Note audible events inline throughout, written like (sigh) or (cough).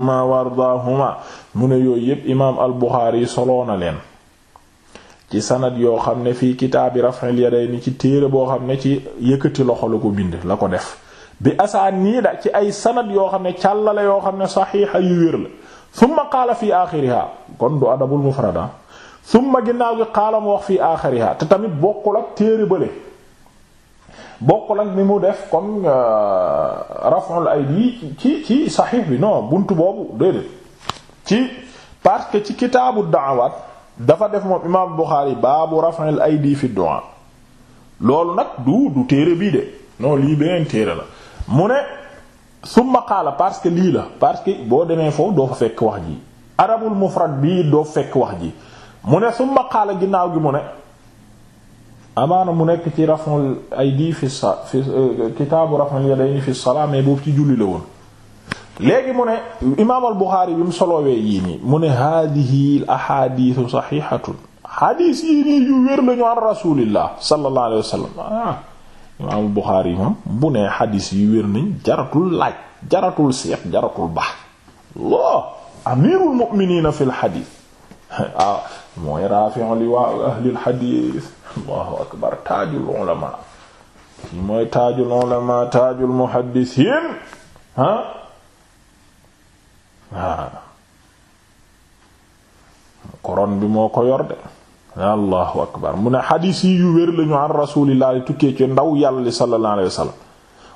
ma wardaahuma mu ne yooyu yépp imaam al Buxaari soloo leen ci sanad yoo xam ne fii kitaabi raf'il ni ci téere boo xam ne ci yëkkati loxo la ko bind la ko def bi asaaniida ci ay sanad yoo xam ne càllale yoo xam ne saxiixa yu wér la summa qaala fii aaxiriha kon du adabul mufrada ah. summa ginnaaw gi qaala mu wax fii aaxiriha te tamit bokkul ak téere bële bokkul ak mi mu def comme euh, raf'ul aydi ci ci saxiix bi non buntu boobu déedéet ci parce que ci kitaabu da'awaat dafa def moom imaam Buxaari baabu raf'il aydi fi du'a loolu nag du du téere bii de non lii beneen téere la mu ne summa qaala parce que lii la parce que boo demee foofu doo fa fekk wax ji arabul mufrad bii doo fekk wax ji mu ne summa qaala ginnaaw gi mu ne amaana mu nekk ci raf'ul aydi fi sa fi euh, kitaabu raf'ul yadayni fi salaa mais boobu ci julli la woon léegi mu ne imaam bi mu solowee yii nii mu ne haadihi al ahaadiisu saxiixatun xadiis yu wér lañu an rasuulillah sallallahu alayhi wa sallam ah yu wér nañ jaratul laaj jaratul seet jaratul baax loo amiirul mu'miniina waaw (laughs) ah, mooy rafi'u liwaa ahlil hadith allahu akbar taajul ulama yi mooy taajul ulama taajul muhaddisiin ah waaw koron bi moo ko yor de allahu akbar mu ne xadiis yi yu wér lañu an rasuulillahi tukkee ci ndaw yàlla li sallallahu alayhi wa sallam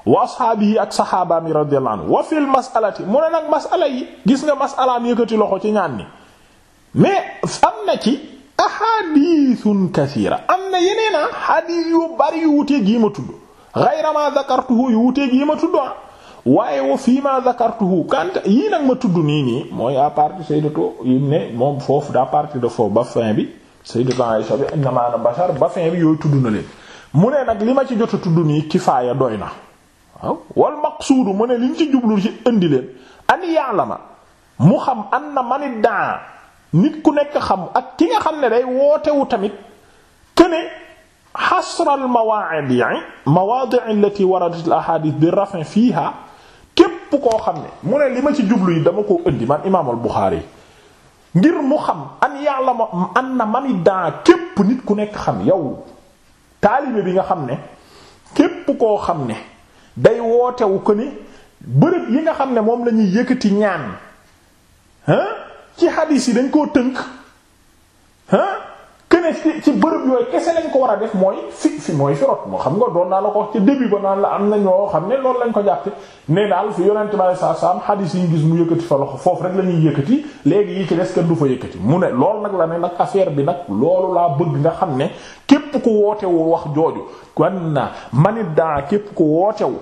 wa asxaabihi ak saxaabaami radiyallahu anhu wa fil masalati mu ne nag masala yi gis nga masalaam yëkkati loxo ci ñaan ni mais am na ci ahadithun kathira am na yeneen a ah hadith yu bari yu wuteeg yi ma tudd yu wuteeg yi ma tudd ah. waaye wa fii ma dhakartuhu kant yii nag ma tudd nii nii mooy à partir sayyidatu yi ne moom foofu daa partir de foofu ba fin bi sayyidatu Aisha bi innama ana bashar ba fin bi yooyu tudd na leen mu ne nag li ma ci jot a tudd nii kifaaya doy na waaw wal maqsuudu mu ne liñ ci jublu ci indi leen an ya'lama mu xam anna man daa nit ku nekk xam ak ki nga xam ne day wootewu tamit këne xasral mawaadi mawaadi allati waradat al ahadith bi rafin fiiha képp koo xam ne mu ne li ma ci jublu yi dama koo indi man imaamul Buxaari ngir mu xam an yàlla ma an na mani daa képp nit ku nekk xam yow taalibe bi nga xam ne képp koo xam ne day wootewu këne bërëb yi nga xam ne moom lañuy yëkkati ñaan hein ci hadis yi dañ koo tënk ah kene ci ci bërëb yooyu kese lañ ko war a def mooy fi fi mooy fi rot moo xam nga doon naa la ko wax ci début ba naan la am na ñoo xam ne loolu lañ ko jàppe ne daal fi yonente bi alei satu salaam hadis yi ñu gis mu yëkkati fa loxo foofu rek la ñuy yëkkati léegi yi ci des kenn du fa yëkkati mu ne lool nag la ne nag affaire bi nag loolu laa bëgg nga xam ne képp ku wootewu wax jooju kon na manit daa képp ku wootewu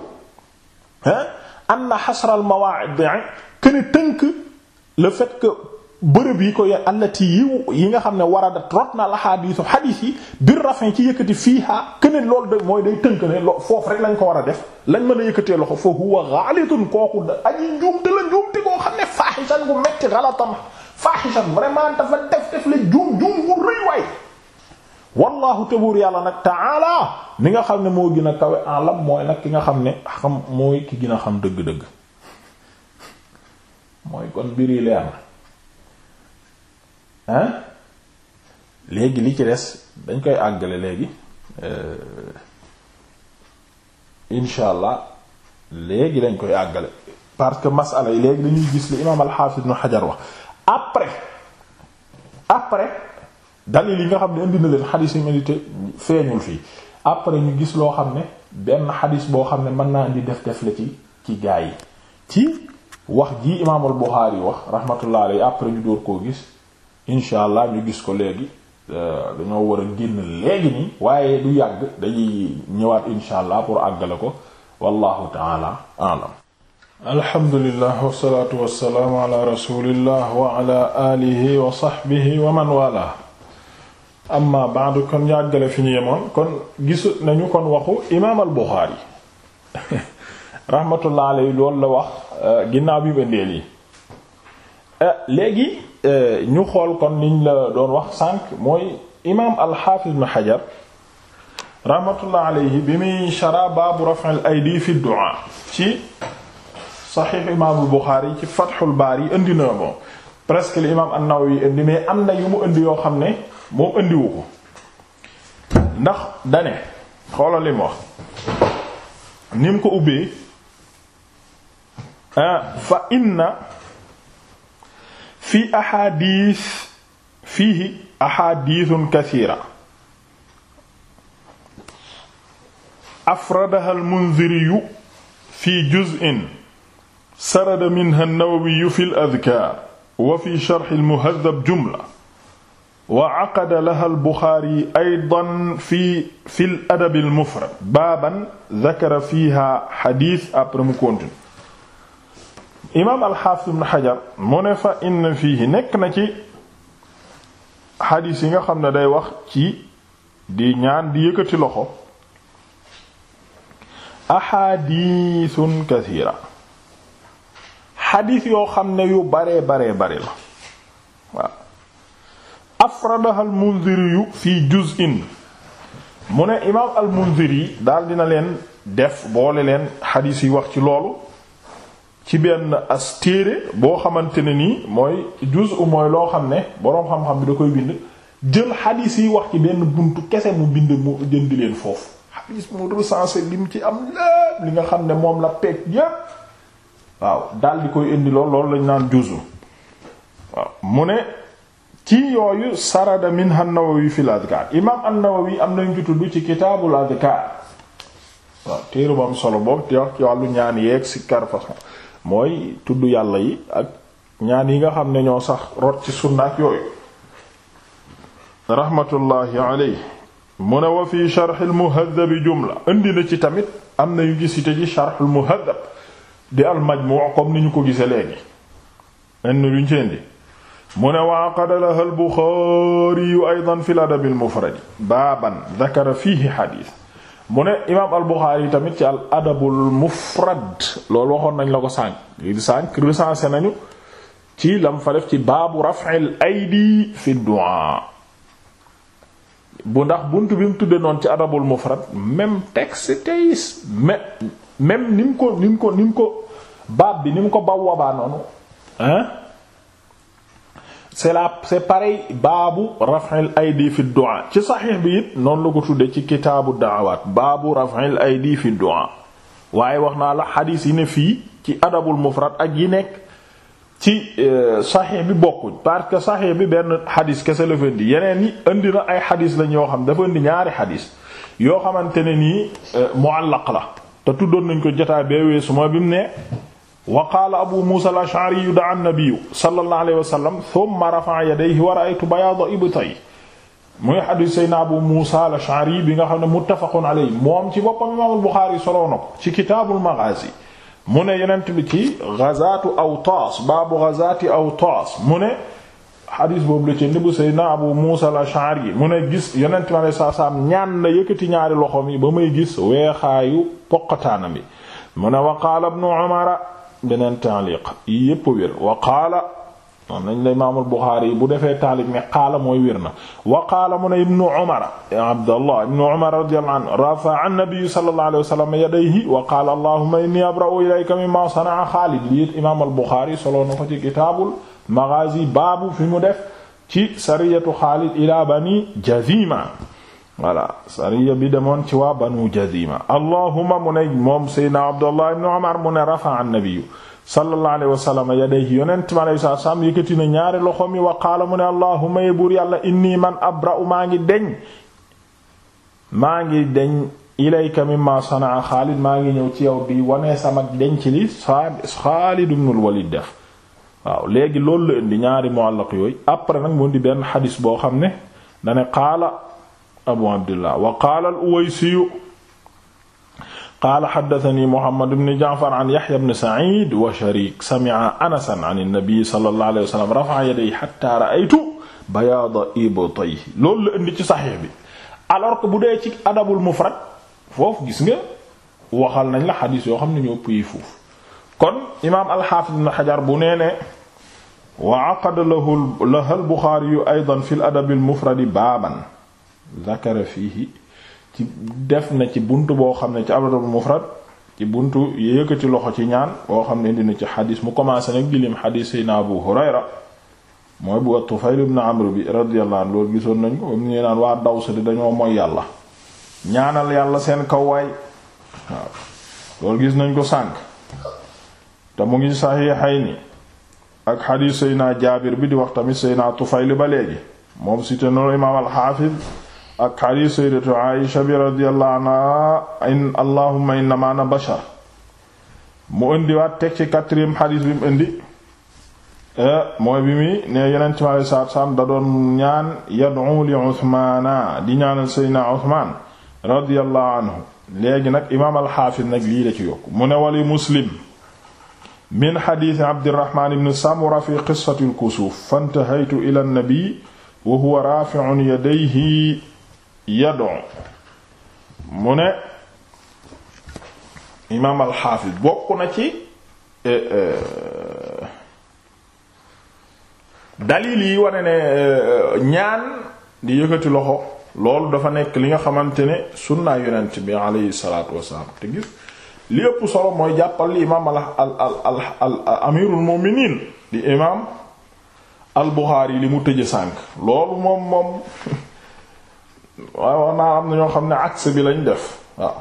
ah anna xasral mawaa'i kene tënk bërëb yi ko y allati yi nga xam ne waradat rot na alxadiisu xadiis yi bir rafin ci yëkkati fiiha keneen loolu de mooy day tënk foofu rek lañ ko war a def lañ mën a yëkkatee loxo fa huwa xaalitun kooku da aji njuumte la njuumte koo xam ne faaxisan gu metti xalatam faaxisan vraiment dafa def def la yàlla nag taala mi nga xam ne moo gën a kawe alam mooy nag ki nga xam ne xam mooy ki gin a xam dëgg-dëgg mooy kon mbir yi leer hein léegi li ci des dañ koy àggale léegi euh, incha allah léegi dañ koy àggale parce que masala yi léegi dañuy gis li imaam al-Hafiz Ibn Hajar wax après après dalil yi nga xam ne indi na leen xadis yi médité feeñul fii après ñu gis loo xam ne benn xadis boo xam ne mën naa indi def def la ci ci gaa yi ci wax ji imaamul Buxaari yi wax rahmatullah alayhi après ñu door koo gis incha allah ñu gis ko léegi euh, dañoo war a génn léegi nii waaye du yàgg dañuy ñëwaat incha allah pour àggale ko wallahu taala alam alhamdulillah wasalaatu wasalaamu ala rasulillah wa ala alihi wa sahbihi wa man wala amma ba'du fi ñu yemoon kon kon waxu imaam al Buxaari (laughs) rahmatullah loolu la wax euh, ginnaaw bi ba ndeel yi Euh, léegi euh, ñu xool kon liñ la doon wax sànq mooy imaam al-Hafiz ibn Hajar bi muy shara baabu raf' al-aydi fi du'a ci saxiix imaamul Buxaari ci Fathul yi indi na moom presque li imaam an-Nawawi indi mais am na yu mu indi yoo xam ne moom indiwu ko ndax dane xoolal li wax ni ko ubbee ah, fa inna fi axaadiis fiihi axaadiisun kasiira afradaha almunziriyu fi juz'in sarada minha an-nawawiyu fi al-adkaar wa fi sharh al-muhazzab jumla wa aqada laha al-buxaari aydan fi fi al-adab al-mufrad baaban dakara fiiha xadiis après mu continue imaam alxaafis ibn xajar mu ne fa inna fii nekk na ci xadiis yi nga xam ne day wax ci di ñaan di yëkkati loxo axaadiisun kasiira xadiis yoo xam ne yu baree baree bari la waaw afradaha almundiri yu fii juz'in mu ne imaam almundiri daal dina leen def boole leen xadiis yi wax ci loolu ci benn as téere boo xamante ne nii mooy juz'u mooy loo xam ne boroom xam-xam bi da koy bind jël xadiis yi wax ci benn buntu kese mu bind mu jënd leen foofu xadiis mu recensé lim ci am lépp li nga xam ne moom la peeg yépp waaw dal di koy indi lool loolu lañ naan juz'u waaw mu ne ci yooyu sarada minha an-Nawawi fil adkaar imaam an-Nawawi am nañ ci tudd ci kitaabul adkaar waaw téere bu am solo boobu te wax ci wàllu ñaan yeeg si kar façon mooy tudd yàlla yi ak ñaan yi nga xam ne ñoo sax rot ci sunna ak yooyu raxmatullaahi aley mu ne wa fi sharxil muhaddabi jumla indi na ci tamit am na yu gisite ci sharxul muhaddab di al majmuu comme ni ñu ko gise léegi lenn luñ ci indi mu ne wa aqada al buxaari aydan fi al al mufradi baaban dakara fiihi xadiis mu ne imaam al yi tamit ci al adabul mufrad loolu waxoon nañ la ko sànq di sànq recensé nañu ci lam fa def ci baabu raf'il aydi fi du'a bu ndax bunt bi mu tuddee noonu ci adabul mufrad même texte tey même ni mu ko ni mu ko ni mu ko baab bi ni mu ko baw wabaa noonu hein c'est la c'est pareil baabu raf'il aydi fi du'a ci saxiix bi it noonu la ko tuddee ci kitaabu da'awaat baabu raf'il aydi fi du'a waaye wax naa la xadiis yi ne fii ci adabul mufrad ak yi nekk ci euh, saxiix bi bokkuñ parce que saxiix bi benn xadiis kese la fa yeneen yi indi na ay xadiis lañ yoo xam dafa indi ñaari xadiis yoo xamante ne nii euh, mu'allaq la te tuddoon nañ ko jotaay bee weesu bi mu ne. wa qaala abu muusa al-ash'ari da'a an-nabiy sallallahu alayhi wa sallam thumma rafa'a yadayhi wa ra'aytu bayaada ibtayhi muy xadiis sayna abu muusa al-ash'ari bi nga xam ne muttafaqun alayhi moom ci boppam imaamul buxaari soloo na ko ci kitaabul maghaazi mu ne yenent bi ci gazaatu awtaas baabu gazaati awtaas mu ne xadiis boobu la ci ndibu sayna abu muusa al-ash'ari mu ne gis yenent bi alayhi salaam ñaan na yëkkati ñaari loxoom yi ba may gis weexaayu poqataanam yi mu ne wa qaala ibnu umara beneen taaliq yi yépp wér wa qaala moom nañ la imaamul Buxaari yi bu defee taaliq ne qaala mooy wér na wa qaala mu ne ibnu Umar Abdallah ibnu Umar radiyallahu anhu rafa'a an-nabiyyu sallallahu alayhi wa sallam yadayhi wa qaala allahumma inni abra'u ilayka mimma sana'a Xaalid lii imaamul Buxaari soloo na ko ci kitaabul maghaazi baabu fi mu def ci sariyatu Xaalid ila bani Jaziima voilà sariya bi demoon ci waa banu jazima allahuma mu ne moom seydna abdullah ibn umar mu ne rafaa annabiyu sallallahu alayhi wa sallam yadayhi yonent mi alayhi salaam yëkkati na ñaari loxo mi wa qaala mu ne allahuma ya buur yàlla inni man abra'u maa ngi deñ maa ngi deñ ilayka mimma sanaa xaalid maa ngi ñëw ci yow bi wanee sama denc li xaalid ibn walid def waaw léegi loolu la ñaari mu'allaq yooyu après nag mu di benn xadis boo xam ne dane qaala abu abdillah wa qaala al-uwaysiyu qaala xaddatani muhammad bn jaafar an yaxya bn said wa sharik samica anasan an annabi sallallahu alayhi wa sallam rafaca yadayhi xatta raaytu bayaada ibtayhi loolu la indi ci saxiix bi alors que bu dee ci adabul mufrad foofu gis nga waxal nañ la xadiis yoo xam ne ñoo pëyi foofu kon imaam alxaafid bn xajar bu nee ne wa aqada lahu laha albuxaariyu aydan fi al adabi almufradi baaban zakara fii ci def na ci bunt boo xam ne ci adabul mufrad ci bunt yëkkati loxo ci ñaan boo xam ne indi na ci xadis mu commencé nag gilim xadis sayna Abu Hurayra mooy bu wa Tufayl ibn Amr bi radiyallahu anhu loolu gisoon nañ ko am ñu naan waa Daws di dañoo mooy yàlla ñaanal yàlla seen kaw waay waaw loolu gis nañ ko sànq te mu ngi saxiixayni ak xadis sayna Jaabir bi di wax tamit sayna Tufayl ba léegi moom cité noonu imaam al ak xadiis sayyidatu Aisha bi radiyallahu anha in allahumma innama ana bashar mu indiwaat teg ci quatrième xadiis bi mu indi e, mooy bi muy ne yeneen ci maaley saatu salaam da doon ñaan yad'u li Usmaana di ñaanal Seydina Usmaan radiyallahu anhu léegi nag imaam alxaafis nag lii la ci yokk mu ne wali Muslim min xadiisi Abdirahmaan ibn Samura fi qissati al-kusuuf fantahaytu ila an-nabi wa huwa raafi'un yadayhi yadu mu ne imaam alxaafis bokk na ci eh, eh, dalil yi wane ne eh, ñaan di yëkkati loxo loolu dafa nekk li nga xamante ne sunnaa yonent bi alayhi salaatu wassalaam te gis li ëpp solo mooy jàppal li imaam al al al al amirul mu'minin di imaam al Buxaari li mu tëje sànk loolu moom moom (laughs) waaw naa am na ñoo xam ne axe bi lañ def waaw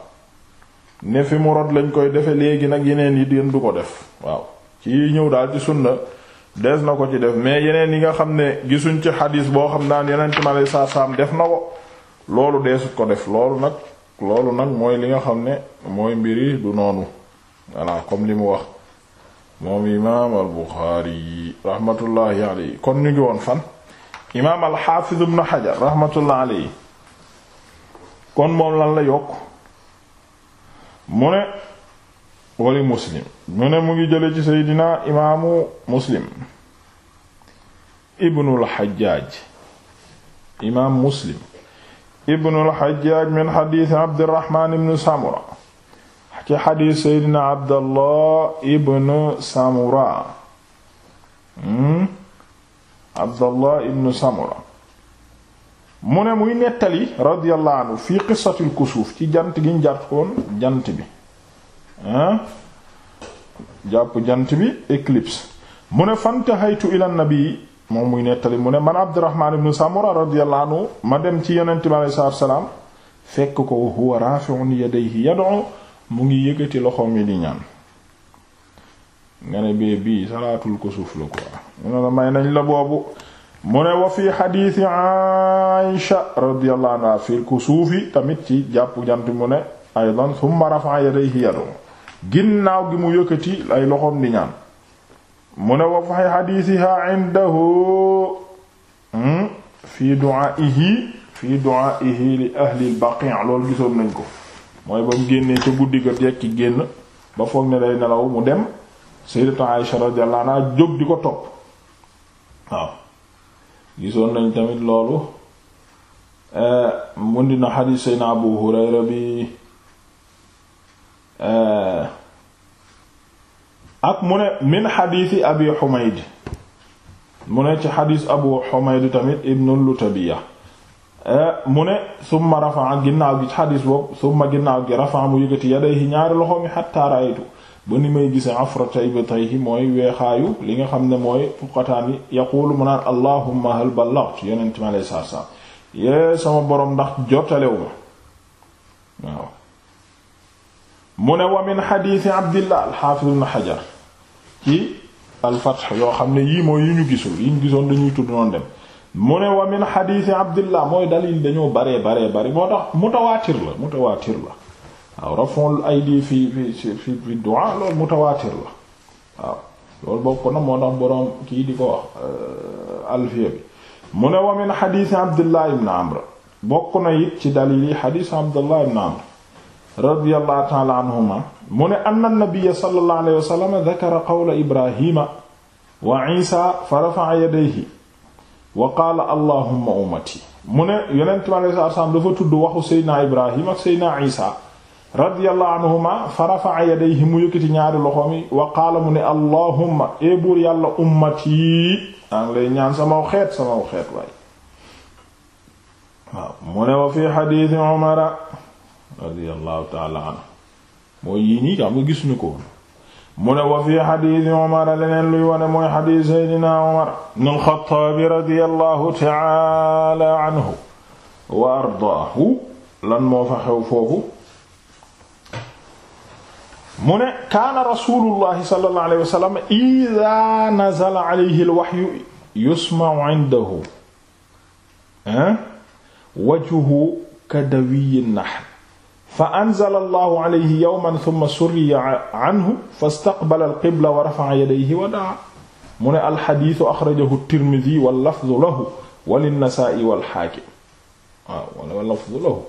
ne fi mu rot lañ koy defe léegi nag yeneen yi den du ko def waaw ci ñëw daal ci sunna des na ko ci def mais yeneen yi nga xam ne gisuñ ci xadiis boo xam naan yeneen ci malay saa saam def na ko loolu deesut ko def loolu nag loolu nag mooy li nga xam ne mooy mbiri du noonu voilà comme li mu wax moom imaam al Buxaari rahmatullahi yi kon ñu ngi woon fan imaam al Xaafiz ibn Hajar rahmatullahi kon moom lan la yokk mu ne wali muslim mu ne mu ngi jële ci seydina imaamu muslim ibnul xajjaaj imaam muslim ibnul xajjaaj min xadiis abdirahmaan ibnu samura ci xadiis seydina abdallah ibnu samura hmm? abdallah ibnu samura mu ne muy nettali radiyallahu anhu fii qissatil kusuuf ci jant gi ñu jàpp woon jant bi ah jàpp jant bi éclipse mu ne fantahaytu ila nabi moom muy nettali mu ne man Abdurrahman ibn Samura radiyallahu ma dem ci yonent bi alayhi salaatu salaam fekk ko huwa rafi'un yadayhi yad'u mu ngi yëkkati loxoom yi di ñaan nga ne bee bii salaatul kusuuf la quoi mu ne la may nañ la boobu mu ne wa fi xadiisi Aisha radiyallahu anha fil kusuufi tamit ci jàpp jant mu ne aydan thumma rafa'a yadayhi yadum ginnaaw gi mu yëkkati ay loxoom di ñaan mu ne wa fi xadiisiha indahu hmm, fi du'a'ihi loolu gisoon nañ ko mooy ba mu génn ba mu dem sayyidatu Aisha jóg di ko topp waaw gisoon nañ tamit loolu eh, mu ndi na xadiis sayna Abu Hurayra bi eh, ak mu ne min xadiisi Abi Xumayd mu ci xadiis Abu Xumayd tamit ibnu Lutabiya eh, mu ne summa rafa'a ginnaaw gi xadiis boobu summa ginnaaw gi rafa'a mu yëgati yadayhi ñaari loxo mi xatta ra'aytu ba ni may gise afra taybatayhi mooy weexaayu li nga xam ne mooy fuqataan yi yaquulu mu naan allahumma hal ballaghtu yeneen mi aleyhi saa salaam yee sama boroom ndax jotalewu ma waaw mu ne wa min xadiisi abdillah alxaafiz ibn xajar ci alfath yoo xam ne yii mooy yi ñu gisul yi ñu gisoon dañuy tudd noonu dem mu ne wa min xadiisi abdillah mooy dalil dañoo baree baree bare moo tax mutawaatir la mutawaatir la waaw raf'ul aydi fi fi fi fi du'a loolu mutawaatir la waaw loolu bokk na moo tax boroom kii di ko wax euh, alfiya bi mu ne wa min xadiisi abdullah ibn amr bokk na it ci dalili xadiisi abdullah ibn amr radiyallahu ta'ala anhuma mu ne anna nabiyya sallallahu alayhi wa sallam dhakara qawla ibrahima wa isa fa rafa'a yadayhi wa qaala allahumma ummati mu ne yonent bi alayhi salaatu wa salaam dafa tudd waxu seydina ibrahim ak seydina isa radiyallahu anhuma fa rafa'a yadayhi mu yëkkati ñaari loxoom yi wa qaala mu ne allahumma ee buur yàlla ummati daa ngi lay ñaan samaw xeet xeet mu ne wa fi xadiisi umara radiyallahu ta'ala anhu mooy yii nii kaa gis ñu ko mu ne wa fi xadiisi umara leneen luy wone mooy xadiis seydina umar ibn al-Xattaab radiyallahu ta'ala anhu wa ardaahu lan moo fa xew foofu mu ne kaana rasulullahi sallallahu alayhi wa sallam ida nazala alayhi alwahyu yusma'u indahu wajhu kadawiyi nahl fa anzala allahu alayhi yawman thumma surriya anhu fastaqbala alqibla wa rafa'a yadayhi wa da'a mu ne alxadiisu axrajahu tirmidi wallafdu lahu walinnasaai walxaakim waaw wallafdu lahu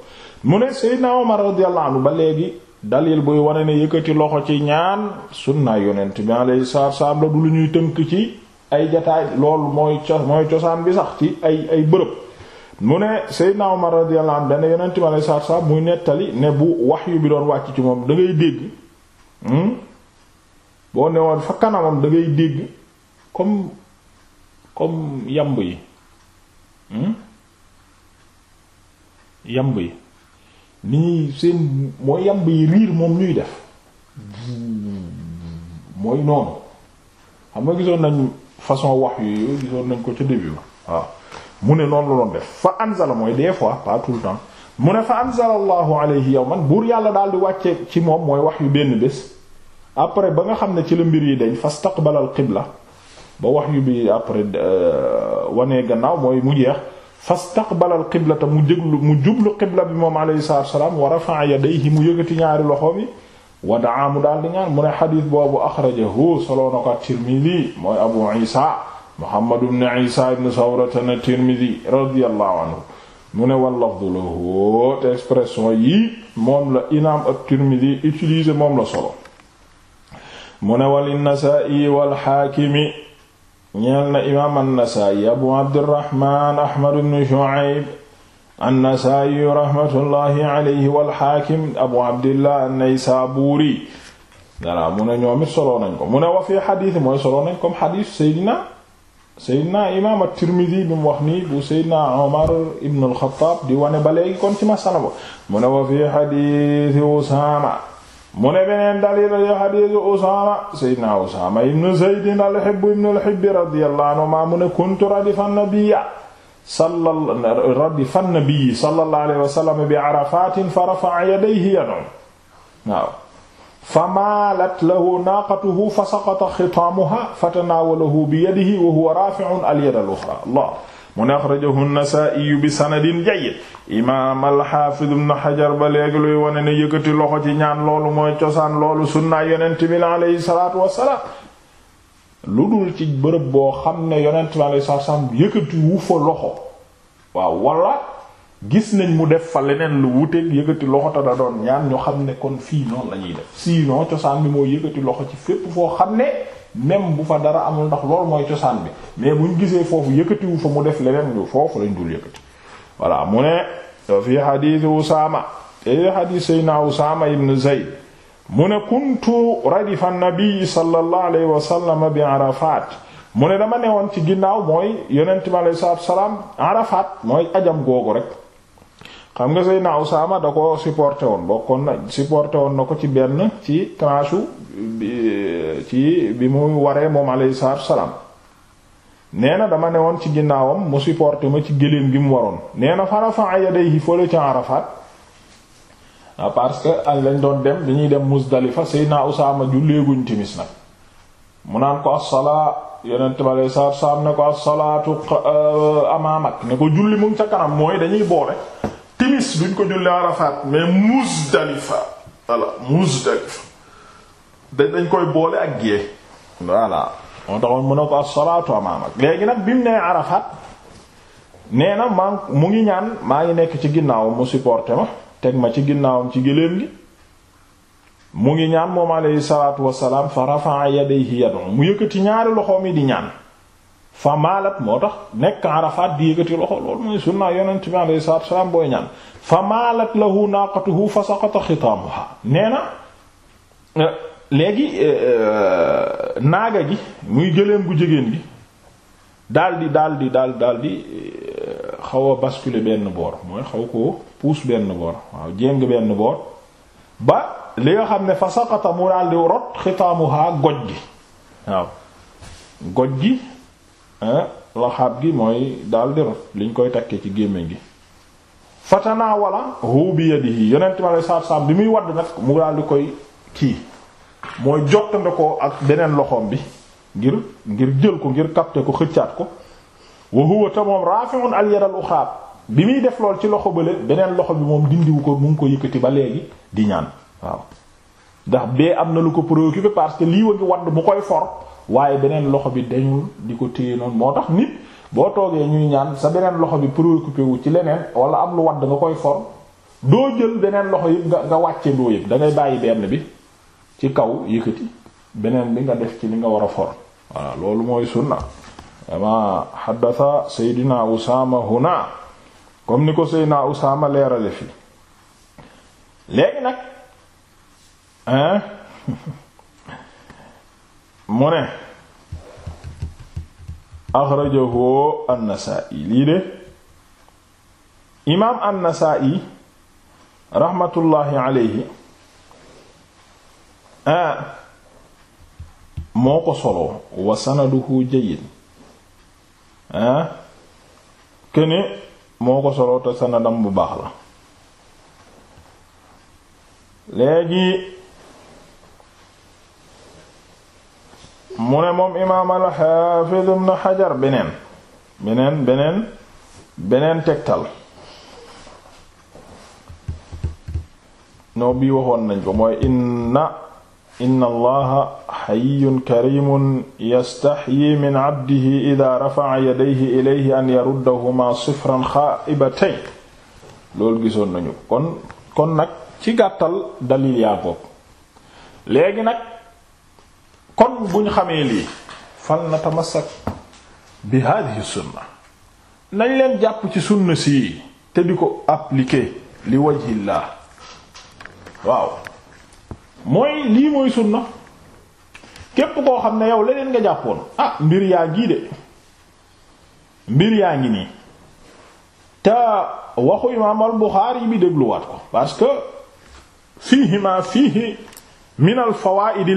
mu ne seydina Umar radiyallahu anhu ba léegi dalil buy wane ne yëkkati loxo ci ñaan sunna yonent bi alayhi salaatu salaam la du lu ñuy tënk ci ay jataay lool mooy mooy cosaan bi sax ci ay ay bërëb mu ne Seydina Umar radiyallahu anhu dana yonent bi alayhi salaatu salaam muy nettali ne bu wahyu bi doon wàcc ci moom dangay ngay dégg hmm? boo ne woon fa kanamam da dégg comme comme yamb yi hmm? yamb yi ni seen mooy yamb yi riir moom ñuy def mooy noonu xam nga gisoon nañ façon wax yooyu gisoon nañ ko ca début ba waaw mu ne noonu la doon def fa anzala mooy des fois pas tout le temps mu ne fa anzala allahu yow yawman buur yàlla daal di wàcce ci moom mooy wax yu benn bés après ba nga xam ne ci la mbir yi dañ fastaqbala al qibla ba wax yu bi après euh, wanee gannaaw mooy mu jeex fastaqbala alqiblata mu jéglu mu jublu qibla bi moom alayhi salaatu wassalaam wa rafa'a yadayhi mu yëgati ñaari loxo bi wa daa mu daal di ñaan mu ne xadiis boobu axrajahu soloo na ko tirmidi mooy abu isa muhammad ibn mu ne wal lafdu lahu te expression yi moom la imaam at-tirmidi utilisé moom la solo mu ne wal nasaa'i wal xaakimi ñeel na imaam annasaayi abu abdirahman ahmad ibn shuaib annasaayi rahmatullahi alayhi walxaakim abu abdillah an-naysaabuuri dara mu ne ñoom it soloo nañ ko mu ne wa fi xadiis mooy soloo nañ comme xadiis seydina seydina imaam at-tirmidi bi mu wax nii bu seydina omar ibn al-xattaab di wane ba léegi kon ci masala ba mu ne wa fi xadiis usaama mu ne beneen dalil yi xadiisu Usaama seydina Usaama ibn Zayd al-Hibb ibn al-Hibb radiyallahu anhu maa mu ne kuntu radifa nabiyya sallal radifa an-nabiyyi sallallahu alayhi wa sallam bi Arafaatin fa rafa'a yadayhi yad'u waaw famaalat lahu naaqatuhu fa saqata xitaamuhaa fatanaawalahu bi yadihi wa huwa raafi'un al-yada al-uxraa mu ne axrajahu an-Nasaa'i bi sanadin jayyid imaam al-Haafiz ibn Hajar ba léegi luy wone ne yëkkati loxo ci ñaan loolu mooy cosaan loolu sunna yonent bi la alayhi salaatu wassalaam lu dul ci bërëb boo xam ne yonent bi alayhi salaatu wassalaam yëkkati wu loxo waaw wala gis nañ mu def fa leneen lu wuteeg yëkkati loxo te da doon ñaan ñu xam ne kon fii noonu la ñuy def sinon cosaan bi moo yëkkati loxo ci fépp foo xam ne même bu fa dara amul ndax loolu mooy cosaan bi mais bu ñu gisee foofu yëkkatiwu fa mu def leneen ñu foofu lañ dul yëkkati voilà mu ne fi xadiis Usaama te xadiis sayna Usaama ibn Zayd mu ne kuntu radifa nabi sallallahu alayhi wa sallam bi Arafat mu ne dama ne woon ci ginnaaw mooy yonent bi alayhi salaatu wa salaam Arafat mooy ajam googu rek xam nga Seydina Usaama da ko supporté woon bokkoon na supporté woon na ko ci benn ci tranche bi mu waree moom alayhi salaatu salaam nee na dama ne woon ci ginnaawam mu supporté ma ci gëléem gi mu waroon nee na farafa yadayhi fële ca Arafat ah, parce que ak ah, lañ doon dem dañuy dem Muzdalifa Seydina Usaama julleeguñ timis nag mu naan ko assalaa yonent bi alayhi salaatu salaam ne ko assalaatu ah, amaamak ne ko julli mu sa ca kanam mooy dañuy boole timis duñ ko julli Arafat mais Muzdalifa voilà Muzdalifa dañ koy boole ak gée voilà moo taxoon mën na ko as-salaatu amaamak léegi nag bi mu nee Arafat nee na maa mu ngi ñaan maa ngi nekk ci ginnaawam mu supporté ma teg ma ci ginnaawam ci gëléem gi mu ngi ñaan moom alayhi salaatu wassalaam fa rafa'a yadayhi yad'u mu yëkkati ñaari loxoom yi di ñaan fa maalat moo tax nekk Arafat di yëkkati loxo loolu mooy sunna yonent bi alayhi salaatu wassalaam booy ñaan fa maalat lahu naaqatuhu fa saqata xitaamuha nee na euh, léegi euh, euh, naaga gi muy gëléem gu jigéen gi daldi daldi daldi daldi xaw a basculer benn boor mooy xaw ko puus benn boor waaw jéng benn boor ba li nga xam ne fa saqata mu daldi rot xitaamuha goj gi waaw goj gi laxaab gi mooy daal di rot koy takkee ci gémmiñ gi fatanaa wala hu bi yadihi yonent mi bi muy wadd nag mu daal kii mooy jottande ak beneen loxoom bi ngir ngir jël ko ngir capter ko xëccaat ko wa huwa ta moom rafi'un al yad bi muy def lool ci loxo bële beneen loxo bi moom dindiwu ko mu ngi ko yëkkati ba léegi di ñaan waaw ndax bee am na lu ko préoccupé parce que lii wa ngi wadd mu koy for waaye beneen loxo bi dañul di ko téye noonu moo tax nit boo toogee ñuy ñaan sa beneen loxo bi préoccupé wu ci leneen wala am lu wadd nga koy for doo jël beneen loxo yëpp nga nga wàcce doo yëpp da bàyyi benn bi ci kaw yëkkati beneen bi nga def ci li nga war a for voilà loolu mooy sunna dama xaddasa seydina usaama huna comme ni ko seydina usaama leerale fi léegi nag hein (laughs) mu ne axrajahu an-Nasaa'i lii de imaam an-Nasaa'i raxmatullaahi alayhi a ah, moo ko solo wa sanaduhu jayyid ah këne moo ko solo te sanadam bu baax la léegi mu ne moom imaam al-Hafiz ibn Hajar beneen beneen beneen beneen tegtal noo bii waxoon nañ ko mooy inna inna allaha xayyun karimun yastaxyi min cabdihi ida rafaca yadayhi ilayhi an yaruddahuma sifran xaaibatayn loolu gisoon nañu kon kon nag ci gàttal dalil yaa ngoog kon buñ xamee lii fal natamassak bi hadhihi sunna nañ leen jàpp ci sunna sii te di ko appliquer li wajhillah waaw mooy lii mooy sunna képp koo xam ne yow leneen nga jàppoon ah mbir yaa ngi de mbir yaa ngi nii te waxu imaam al Buxaari bi dégluwaat ko parce que fii ma fiihi min al fawaa'id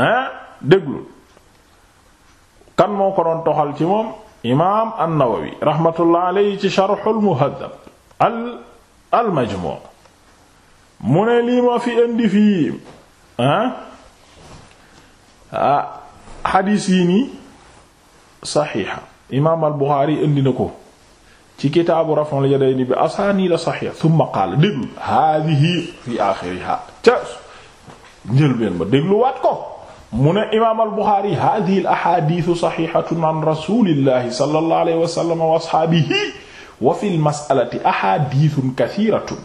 ah déglu kan moo ko doon toxal ci moom imaam an-Nawawi rahmatullah alayhi ci sharhul muhaddab al al majmu mu ne lii ma fi indi fii ah ah xadiis yi nii saxiixa imaam al Buxaari indi na ko ci kitaabu raf'ul yadayni bi asaaniid saxiixa thumma qaala déglu haadihi fi aaxirihaa ca njëlbeen ba dégluwaat ko. mu ne imaam al Buxaari haadihi al ahaadiisu saxiixatun an rasuulillaahi sallallaahu alayhi wa sallam wa ashaabihi wa fil mas'alati ahaadiisun kasiiratun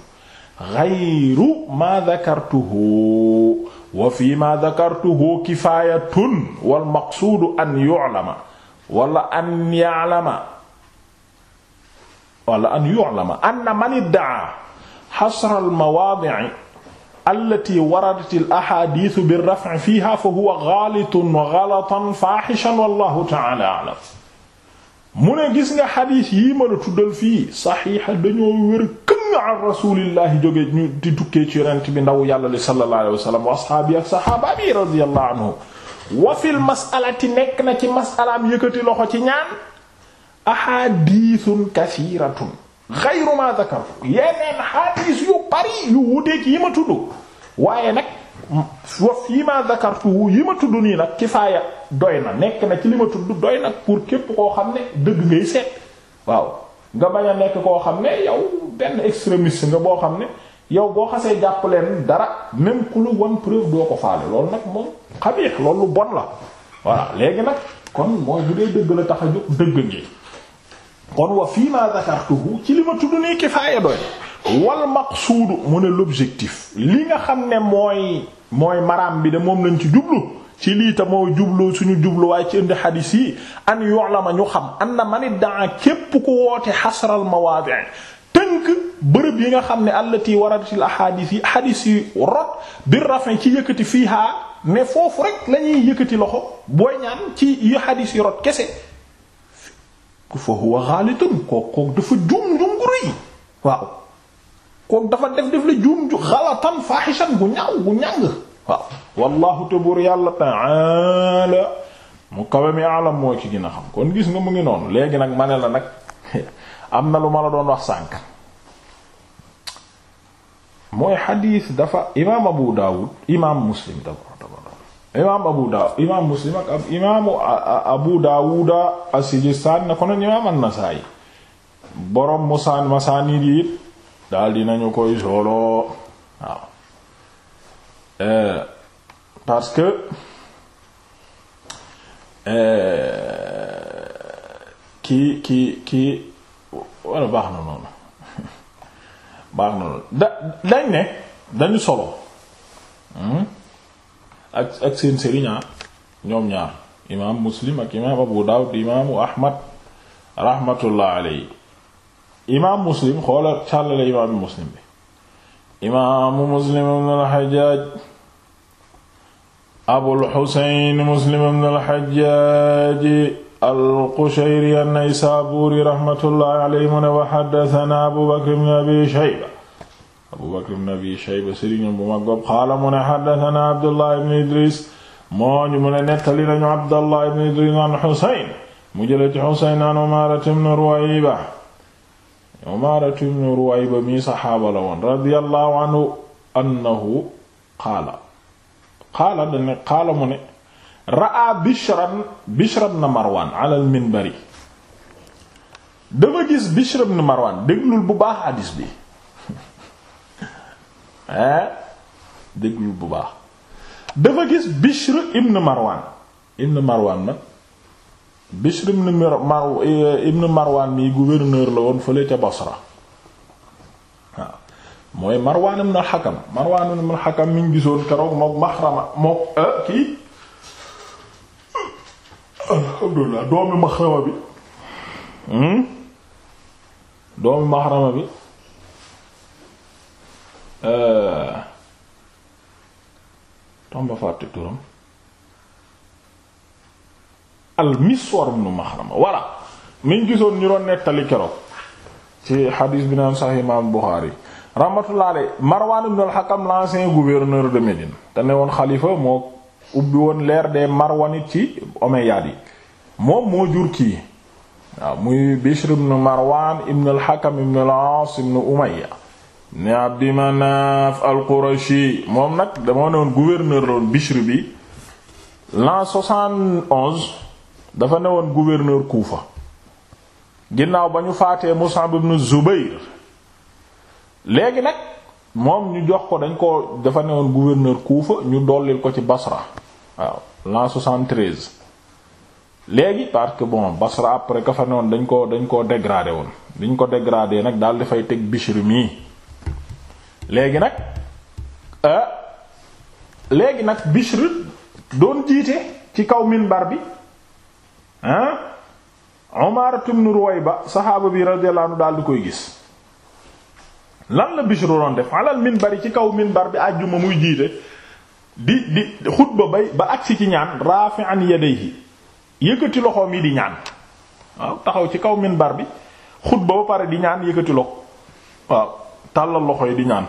xayru maa dakartuhu wa fii maa dakartuhu kifaayatun wal maqsuudu an yu'lama wala an ya'lama wala an yu'lama anna man idda'a hasra al mawaadi'i allati waradatil ahadiisu bi raf'i fiihaa fa huwa xaalitun xalatan faaxishan wallahu ta'ala a'lam mu ne gis nga xadiis yi mën a tuddal fii saxiixa dañoo wér kën an rasulillahi jóge ñu di tukkee ci yonent bi ndaw yàlla li sallallahu alayhi wa sallam wa ashaabi ak saxaaba bi radiyallahu anhu wa fil mas'alati nekk na ci mas'alaam yëkkati loxo ci ñaan ahadiisun kasiiratun xayru ma zakar yeneen xadiis yu bari yu wuteeg yi ma tudd waaye nag wa fii ma zakartu yi ma tudd nii nag kifaaya doy na nekk na ci li ma tudd doy nag pour képp koo xam ne dëgg ngay seet waaw nga bañ a nekk koo xam ne yow benn extrémiste nga boo xam ne yow boo xasee jàpp leen dara même ku lu wan preuve doo ko faale loolu nag moom xabiix loolu bon la voilà léegi nag kon mooy bu dee dëgg la tax a jóg dëgg ngi kon wa fii ma zakartuhu ci li ma tudd nii kifaaya doy wal maqsuudu mu ne l'objectif li nga xam ne mooy mooy maraam bi de moom lañ ci jublu ci lii ta mooy jublu suñu jublu waaye ci indi xadiis yi an yu'lama ñu xam an na manit daa képp ku woote xasral mawaadi' tënk bërëb yi nga xam ne allati waradatil ahadis yi hadis yi rot bi rafin ci yëkkati fiihaa mais foofu rek lañuy yëkkati loxo booy ñaan ci yu hadis yi rot kese fa huwa xaalitun kook kook dafa juum juum gu rëy waaw kook dafa def def la juum ju xalatan faaxishan gu ñaaw gu ñàng waaw yàlla ta'ala mu kawe alam moo ci gën a xam kon gis nga mu ngi noonu léegi nag ma ne la nag (laughs) am na lu ma la doon wax sànk mooy xadiis dafa imaam abu daawud imaam muslim imaam Abu Daawud imaam Muslim imaamu Abu Daawuda as na ko noonu imaam an-Nasaa'i borom musaan masaanid yi it daal dinañu koy solo waaw eh, parce que kii eh, ki ki walla baax na noonu (laughs) baax na noonu da dañ ne dañu solo. Hmm? ak ak seen sëriñaa ñoom ñaar imaam muslim ak imaam abu daawud imaamu ahmad rahmatullah alayhi imaam muslim xoola muslim bi imaamu muslim ibn muslim ibn al-hajjaj al-qushayri rahmatullah alayhi mu wa haddathana abu bakr ibn abi shayba abu bakr ibn abi shayba sëriñam bu mag bopp qaala mu ne xaddatana abdullah ibn idris moo ñu mu ne nettali nañu abdullah ibn idris an xusayn mu jële ci xusayn an umaarata ibn ruwayba umaarata ibn ruwayba mii saxaaba la woon radiyallahu anhu annahu qaala qaala dane qaala mu ne raa bishran bishran na marwan ala al minbari dama gis bishran na marwan déglul bu baax hadis bi ah bu baax dafa gis Bishr ibn Marwan ibn Marwan nag Bishr ibn Mar eh, ibn Marwan la woon fële ca Basra waaw mooy Marwan ibn al-Hakam Marwan ibn al-Hakam mi gisoon keroog mook Maxrama mook eh, kii alhamdulilah doomi Maxrama bi hmm? doomi Maxrama bi tomba fàtte turam al Miswar ibn Maxrama voilà miñ gisoon ñu doon nettali keroog ci xadiis bi naan Sahih Imaam Buxaari rahmatullah alayhi Marwan ibn al-Hakam l'ancien gouverneur de Médine te ne woon xalifa moo ubbi woon l'ère des Marwanides ci Omeyyades yi moom moo jur kii waaw muy Bishr ibn Marwan ibn al-Hakam ibn al-As ibn Umayya ni Abdi Manaf al-Qurashi moom nag dama ne woon gouverneur la woon bi l'an soixante onze dafa ne woon gouverneur Kufa ginnaaw ba ñu faatee Mus'ab ibn Zubayr léegi nag moom ñu jox ko dañ ko dafa ne woon gouverneur Kufa ñu dollil ko ci Basra waaw l'an soixante treize léegi parce que bon Basra après ka ne woon dañ ko dañ koo dégradé woon bi ñu ko dégradé nag daal dafay teg Bishr mii léegi nag euh, léegi nag Bishr doon jiite ci kaw min bar bi ah Umaara woy ba saxaaba bi radiyallahu anhu daal di koy gis lan la Bishr doon def alal minbari ci kaw bar bi àjjuma muy jiite di di xutba bay ba agsi ci ñaan rafi'an yadayhi yëkkati loxoom yi di ñaan waaw taxaw ci kaw bar bi xutba ba pare di ñaan yëkkati loxo waaw tàllal loxo yi di ñaan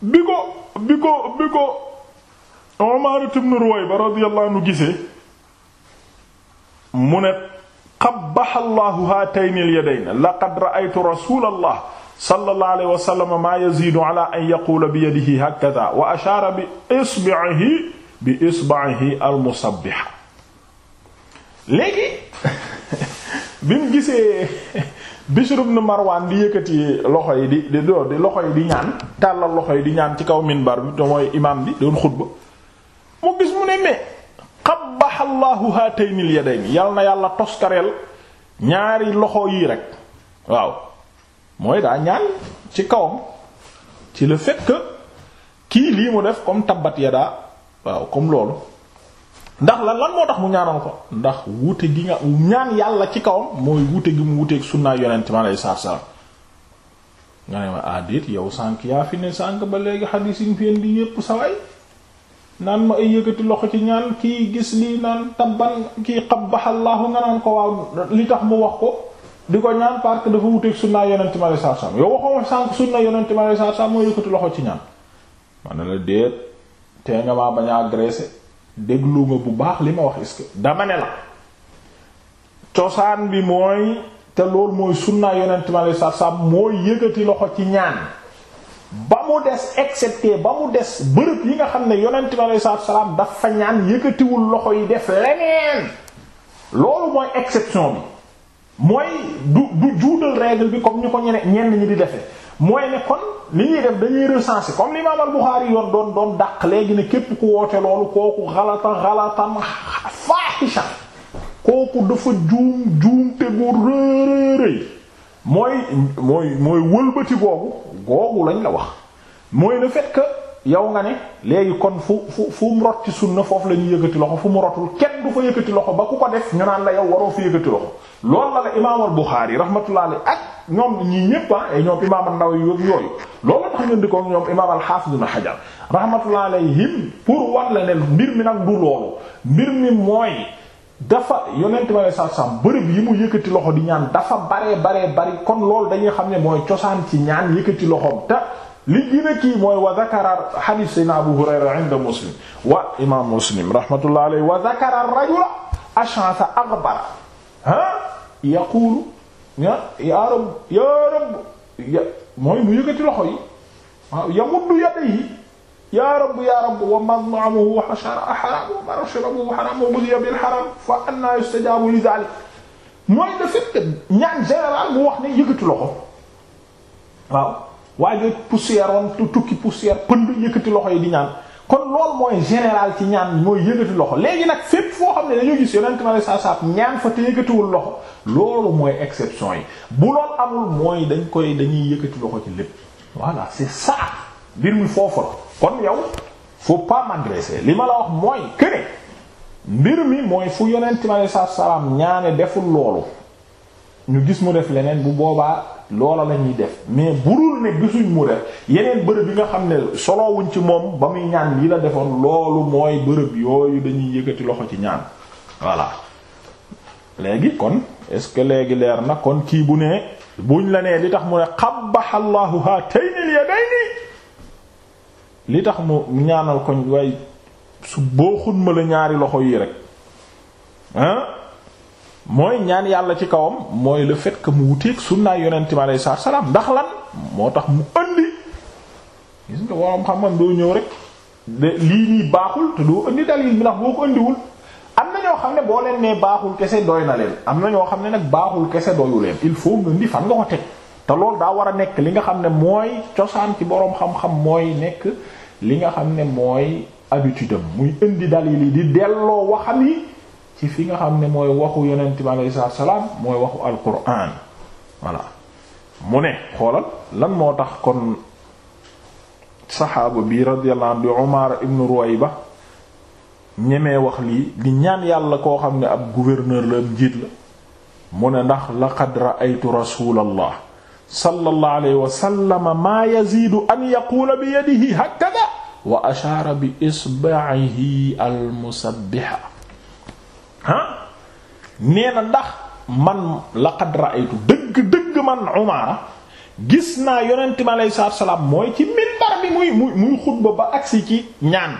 bi ko bi ko bi ko Umar ibn Ruwayba radiyallahu anhu mu ne qabbaha Allahu haatayni al-yadayni laqad ra'aytu rasulallah sallallahu alayhi ma yazidu ala an yaqula bi yadihi hakadha wa ashara bi isbi'ihi bi isba'ihi al-musabbiha léegi (laughs) bi mu gisee Bishr ibn Marwan di yëkkati loxo yi di di do di loxo yi di ñaan tàllal loxo yi di ñaan ci kaw minbar bi te mooy imaam bi doon xutba mu gis mu ne mais qabbaha Allahu hataynil yadayni yal na yàlla toskareel ñaari loxo yii rek waaw mooy daa ñaan ci kawam ci la fait que kii lii mu def comme tabbat yadaa waaw comme loolu ndax lan lan moo tax mu ñaanoon ko ndax wute gi nga ñaan yàlla ci kawam mooy wute gi mu wuteeg sunnaa yonent ma lay saar-saar nga yow sànq yaa fi ne sànq ba léegi xadiis yi fi indi yépp ma ay yëkkati loxo ci ñaan kii gis lii naan tabban kii xabbaxallaahu nga naan ko waaw li tax mu wax ko di ko dafa wuteeg sunna yonente mi alei satu salam yow sànq sunna yonente mi alei satu salam loxo ci ñaan man na la déet tee nga maa bañ a déglu nga bu baax li ma wax est-ce dama ne la cosaan bi mooy te loolu mooy sunnaa yonent mi alei satu salaam mooy yëgati loxo ci ñaan ba mu des excepté ba mu des bërëb yi nga xam ne yonent mi alei satu salaam dafa ñaan yëkkatiwul loxo yi def leneen loolu mooy exception bi mooy du du juutal règle bi comme ñu ko ñene ñenn ñi di defee mooy ne kon li ñuy def dañuy recenser comme l'imam al-Bukhari yoon doon doon dàq léegi ne képp ku woote loolu kooku xalata xalatan faahisha kooku dafa juum juum te bu rëy mooy mooy mooy wëlbati googu googu lañ la wax mooy le fait yow nga ne léegi kon fu fu fu mu rot ci sunna foofu la ñuy yëkkati loxo fu mu rotul kenn du fa yëkkati loxo ba ku ko def ñu la yow waroo fa yëkkati loxo loolu la la imaam al-Bukhari rahmatullah ak ñoom ñii ñépp ah ñoom imaam an-Nawawi yooyu loolu tax ñu di ko ñoom imaam al-Hafiz ibn Hajar rahmatullah alayhim pour wax la ne mbir mi nag du loolu mbir mi mooy dafa yonent ma alayhi salaatu salaam bërëb yi mu yëkkati loxo di ñaan dafa baree baree bari kon loolu dañuy xam ne mooy cosaan ci ñaan yëkkati loxoom te li gën a kii mooy wa zakara hadith sayna Abu Hurayra inda Muslim wa imam Muslim rahmatullah alayhi wa zakara ar-rajula ash'atha aghbara ha yaqulu ya rab ya rab mooy mu yëkkati loxo yi waaw yamuddu yadayhi ya rab ya rab wa mad'amuhu haram wa mashrabuhu haram wa ghudhiya bil haram fa anna yustajabu li dhalik mooy le fait que ñaan général mu wax ne yëkkati loxo waaw waaye poussière woon tu tukki poussière pënd yëkkati loxo yi di ñaan kon loolu mooy général ci ñaan mooy yëkkati loxo léegi nag fépp foo xam ne dañoo gis yonent na fa te yëkkatiwul loxo loolu mooy exception yi bu loolu amul mooy dañ koy dañuy yëkkati loxo ci lépp voilà c'est ça mbir mi foofu yow faut li ma la wax mooy fu yonent na la saa salaam ñaane deful loolu ñu gis mu def leneen bu boobaa. loola la ñuy def mais burul ne gisuñ mu def yeneen bërëb yi nga xam ne solowuñ ci moom ba muy ñaan yi la defoon loolu mooy bërëb yooyu dañuy yëkkati loxo ci ñaan voilà léegi kon est-ce que léegi leer na kon kii bu ne buñ la nee li tax mu ne xabbaha allahu hataynil yadayni li tax mu ñaanal koñ waaye su boo xun ma la ñaari loxo yii rek mooy ñaan yàlla ci kawam mooy la fait que mu wuteeg sunnaay yonent mi alayhi salaatu salaam ndax lan moo tax mu andi gis nga waroom xam-xam doo ñëw rek de lii nii baaxul te doo andi dalil bi ndax boo ko andiwul am na ñoo xam ne boo leen nee baaxul kese doy na leen am na ñoo xam ne nag baaxul kese doyu leen il faut nga indi fan nga ko teg te loolu daa war a nekk li nga xam ne mooy cosaan ci boroom xam-xam mooy nekk li nga xam ne mooy habitude muy indi dalil yi. ci fi nga xam ne mooy waxu yonent bi alayhi salaatu salaam mooy waxu alquran voilà mu ne xoolal lan moo tax kon saxaaba bi radiyallahu anhu Umar ibn Ruwayba ñemee wax lii li ñaan yàlla koo xam ne ab gouverneur la am njiit mu ne ndax laqad ra'aytu rasulallah sallallahu alayhi wa sallam maa yaziidu an yaquula bi yadihi hakada wa ashaara bi isba'ihi al ah nee na ndax man laqad ra'aytu dëgg dëgg man Umaara gis naa yonent mi aleyhi salaam mooy ci minbar bi muy muy xutba ba agsi ci ñaan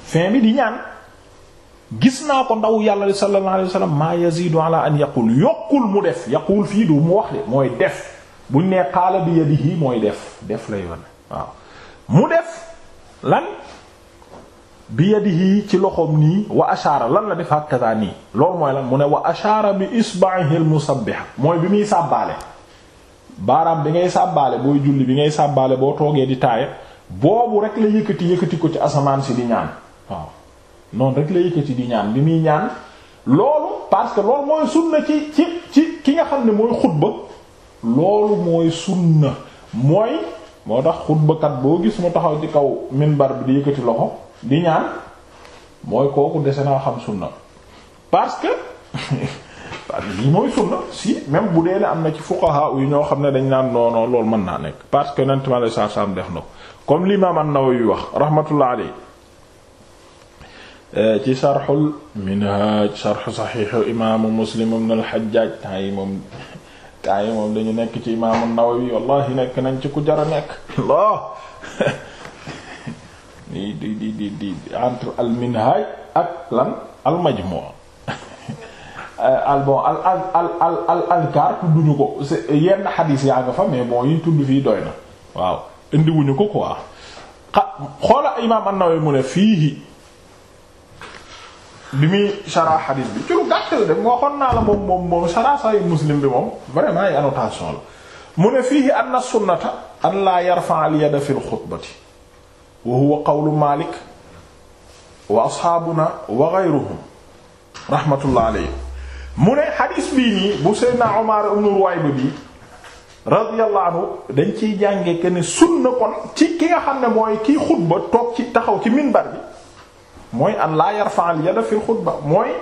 fin bi di ñaan gis naa ko ndaw yàlla sallallahu alayhi wasallam maa yazidu ala an yaqul yokkul mu def yaqul fii du mu wax de mooy def buñ nee qaala bi yadihi mooy def def lay wan mu def lan bi yadihi ci loxoom nii wa ashaara lan la di hakaza nii loolu mooy lan mu ne wa ashaara bi isba'ihi al-musabbiha mooy bi muy sàbbaale baaraam bi ngay sàbbaale booy julli bi ngay sàbbaale boo toogee di taaya boobu rek la yëkkati yëkkati ko ci asamaan si di ñaan waaw noonu rek la yëkkati di ñaan bi muy ñaan loolu parce que loolu mooy na ci ci ci ki nga xam ne mooy xutba loolu mooy sunna mooy moo tax xutbakat boo gis mu taxaw ci kaw minbar bi di yëkkati di ñaan mooy kooku dese naa xam sunna (laughs) parce que lii mooy sunna si même bu dee ne am na ci fuqaha yu ñoo xam ne dañ naan non non loolu mën naa nekk parce que Yonent mi sallallahu alayhi wa def na ko comme l'imam An-Nawawi wax rahmatullah alayhi euh, ci sarxul minhaj sarxu saxiixu imaamu Muslim ibn yi moom temps yi moom dañu nekk ci imaamu An-Nawawi wallahi nekk nañ ci ku a nekk (laughs) Allah (laughs) di di di di entre al minhaj ak lan al majmu' (laughs) euh, al bon al al al al al azkar tudduñu ko yenn xadiis yaa nga fa mais bon yiñ tudd fii doy na waaw indiwuñu ko quoi xa xoola imaam an mu ne fii bi muy sarah xadiis bi ci lu gàtt dem waxoon naa la moom moom moom sarah say muslim bi moom vraiment ay annotation la mu ne fii anna sunnata an laa yarfa al yada fil xutbati wa huwa qawlu Maalik wa asxaabuna wa gayruhum rahmatullah alayhi mu ne xadiis bii nii bu Seydina Umar ibn Ruwayba bi radiyallahu anhu dañ ci jànge que ne sunna kon ci ki nga xam ne mooy kiy xutba toog ci taxaw ci minbar bi mooy an laa yarfa'al yada fil xutba mooy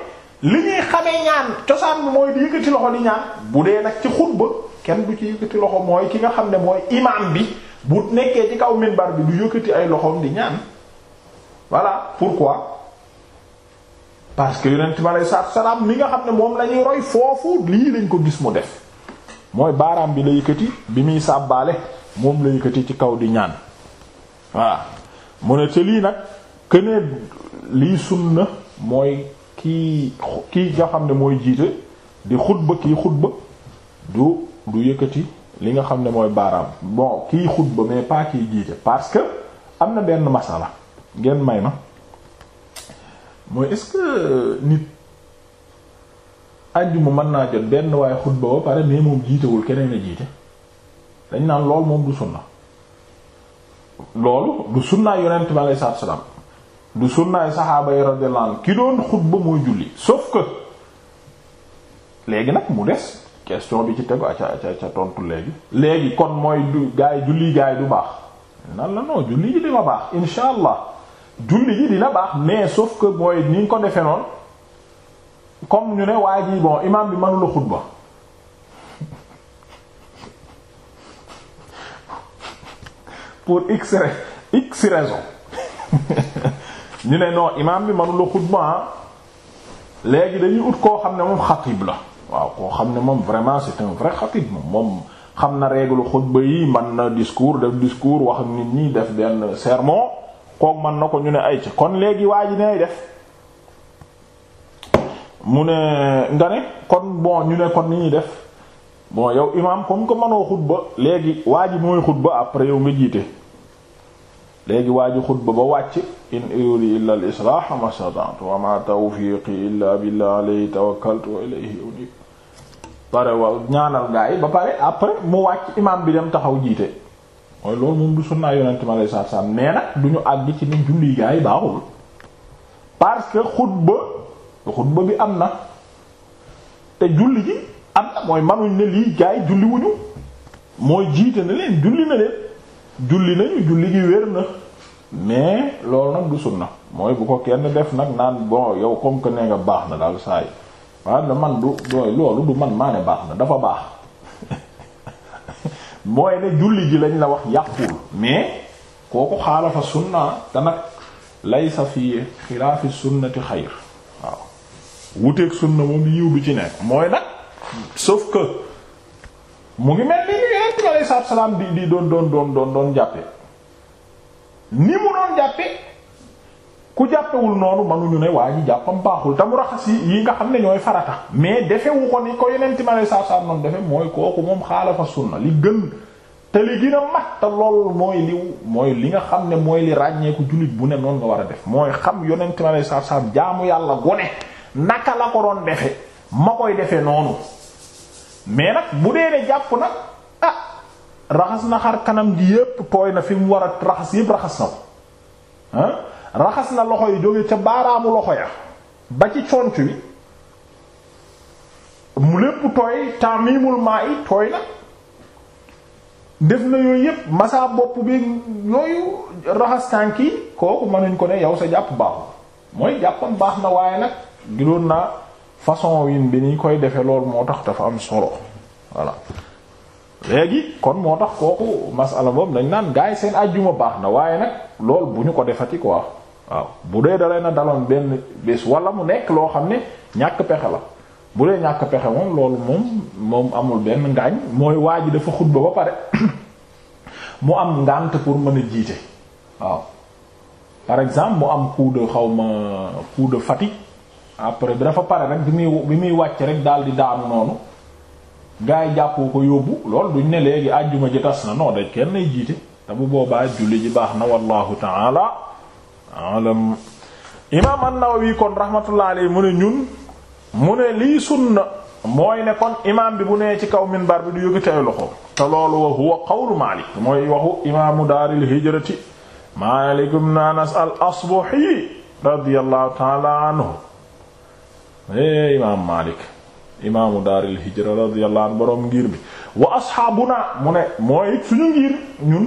li ñuy xamee ñaan cosaan bi mooy di yëkkati loxo di ñaan bu dee nag ci xutba kenn bu ci yëkkati loxo mooy ki nga xam ne mooy imaam bi bu nekkee ci kaw minbar bi du yëkkati ay loxoom di ñaan voilà pourquoi parce que yonent bi aleyhi salaatu salaam mi nga xam ne moom la roy foofu lii lañ ko gis mu def mooy baaraam bi la yëkkati bi muy sàbbaale moom la yëkkati ci kaw di ñaan voilà mu ne te lii nag kënee lii sunna mooy kii kii nga xam ne mooy jiite di xutba kii xutba du du yëkkati li nga xam ne mooy baaraam bo kiy xutba mais pas kiy jiite parce que am na benn masala ngeen may ma mooy est-ce que euh, nit àjjuma mën naa jot benn waaye xutba ba pare mais moom jiitewul keneen a jiite dañ naan lool moom du sunna loolu du sunnaay yonent bi alayhi salaam du sunnaay saxaaba yi radiyallahu anhu ki doon xutba mooy julli sauf que léegi nag mu des question bi ci tegu aca aca ca tontu léegi léegi kon mooy du gaay julli gaay du baax nan la non julli ji dina baax insha allah julli ji dina baax mais sauf que mooy ni ko defee noonu comme ñu ne waa ji bon imam bi mënula xutba (laughs) pour x x raison (laughs) ñu ne non imam bi mënula xutba ah. léegi dañuy ut koo xam ne moom xatib la waaw koo xam ne moom vraiment c'est un vrai xatib moom xam na règle xutba yi man na discours def discours wax nit ñi def benn sermon kook man na ko ñu ne ay ca kon léegi waa ji def mu ne nga ne kon bon ñu ne kon ni ñuy def bon yow imam comme que mënoo xutba léegi waa ji mooy xutba après yow nga jiite léegi waa ji xutba ba wàcc in uri illa al islah ma sada'tu wa ma tawfiqi illa billah alayhi tawakkaltu wa ilayhi unib pare waaw ñaanal gaa yi ba pare après mu wàcc imaam bi dem taxaw jiite mooy loolu moom du sunnaa yonent mi alayhi salaatu salaam mais nag du ñu àgg ci ne julli gaa yi baaxul parce que xutba xutba bi am na te julli ji am na mooy manuñ ne lii gaa yi julli wuñu mooy jiite na leen julli na leen julli nañu julli gi wér na mais loolu nag du na mooy bu ko kenn def nag naan bon yow comme que nee nga baax na daal saa yi waaw na man du dooy loolu du man maa baax na dafa baax (laughs) mooy ne julli ji lañ la wax yàqul mais kooku xaalafa sunna te nag laysa fi xilaafi sunnati xayr waaw wuteeg sunna moom yiw bi ci nekk mooy nag sauf que mu ngi mel ni li yonent bi salaam di di doon doon doon doon doon jàppe ni mu doon jàppe ku jàppewul noonu mënuñu ne waa ji jàppam baaxul te mu raxas yi yi nga xam ne ñooy farata mais defewu ko ni ko yeneen ma lay saaf saaf noonu defe mooy kooku moom xaalafa sunna li gën te li gën a mat te lool mooy li mooy li nga xam ne mooy li ràññeeku jullit bu ne noonu nga war a def mooy xam yonent ma lay saaf saaf jaamu yàlla gone naka la ko doon defe ma koy defe noonu mais nag bu dee ne jàpp nag ah raxas na xar kanam gi yépp tooy na fi mu war a raxas yépp raxas na ko raxas na loxo yi jóge ca baaraamu loxo ya ba ci conc wi mu lépp tooy tamimul maa yi tooy na def na yooyu yëpp masaa bopp bi yooyu raxas tànk yi kooku nañ ko ne yow sa jàpp baaxul mooy jàppam baax na waaye nag giloon naa façon win bi ni koy defe loolu moo tax dafa am solo voilà léegi kon moo tax kooku masala boobu dañ naan gaay seen àjjuma baax na waaye nag lool bu ñu ko defati quoi waaw bu dee da na a daloon benn bés wala mu nekk loo xam ne ñàkk pexe la bu dee ñàkk pexe moom loolu moom moom amul benn ngaañ mooy waa ji dafa xutba ba pare (coughs) mu am ngànt pour mën a jiite waaw par exemple mu am coup xaw ma coup de fatigue après bi dafa pare rek bi muy bi muy wàcc rek daal di daanu noonu gars yi jàppoo ko yóbbu lool duñ ne léegi àjjuma ji tas na non dañ kenn nay jiite te bu boobaa julli ji baax na wallahu ta'ala alam imaam an-Nawawi kon rahmatullah alayhi mu ne ñun mu ne lii sunna mooy ne kon imaam bi bu nee ci kaw minbar bi du yëkkati ay loxo te loolu wa huwa qawlu Maalik mooy waxu imaamu Maalik ibn Anas al-Asbahi radiyallahu ta'ala anhu é eh, imaam Maalik imaamu daaril hijra radiyallahu anhu boroom ngir bi wa asxaabuna mu ne mooy suñu ngir ñun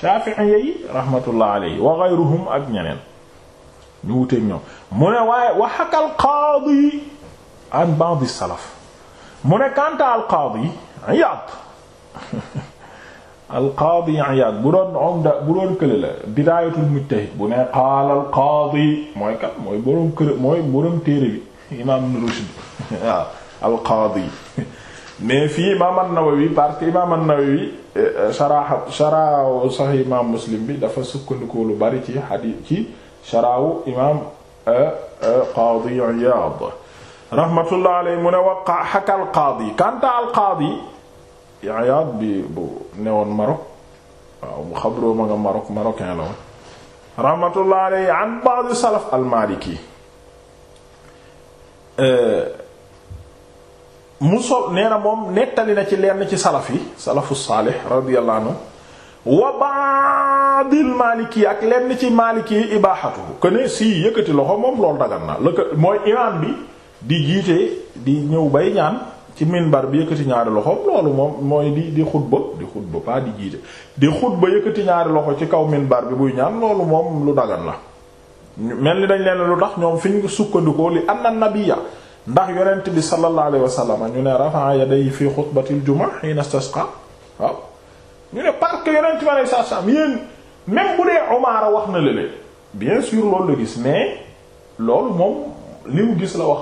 Shafi'iyya yi rahmatullah alayhi wa ghayruhum ak ñeneen ñu wuteeg ñoom mu ne waaye wa haka al qaadi an ba'd as salaf mu ne kanta al qaadi Iyaad (laughs) al qaadi Iyaad bu doon umda bu doon kële la bidaayatul mujtahid bu ne qaala al qaadi mooy kat mooy borom kële mooy borom téere bi imaam Ibn Rushd (laughs) waaw al qaadi (laughs) mais fii imaam an-Nawawi parce que imaam an-Nawawi sharah eh, eh, sharah sahih Muslim bi dafa sukkandiku lu bari ci hadith ci sharahu imaam eh, Qaadi Iyaad rahmatullah alayhi mu ne wa haka al-Qaadi kanta al-Qaadi Iyaad bi bu newoon Maroc waaw mu xabroo ma nga Maroc marocain la woon rahmatullah alayhi an ba'd salaf al mu sol nee na moom nettali na ci lenn ci salaf yi salafu saalih radiyallahu anhu wa ba'dil maliki ak lenn ci maliki yi ibaaxatu ko ne yëkkati loxo moom loolu dagan na la mooy imaam bi di jiite di ñëw bay ñaan ci bar bi yëkkati ñaari loxo loolu moom mooy di di xutba di xutba pas di jiite di xutba yëkkati ñaari loxo ci kaw minbar bi buy ñaan loolu moom lu dagan la mel ni dañ leen lu tax ñoom fi ñu sukkandikoo li anna ndax yonent bi sallallahu alayhi wa ñu ne rafa'a yadayhi fi xutbatil jumaa hina istasqa waaw ñu ne parce que yonent bi alayhi salaam yéen même bu dee Umaara wax na lële bien sûr loolu la gis mais loolu moom li gis la wax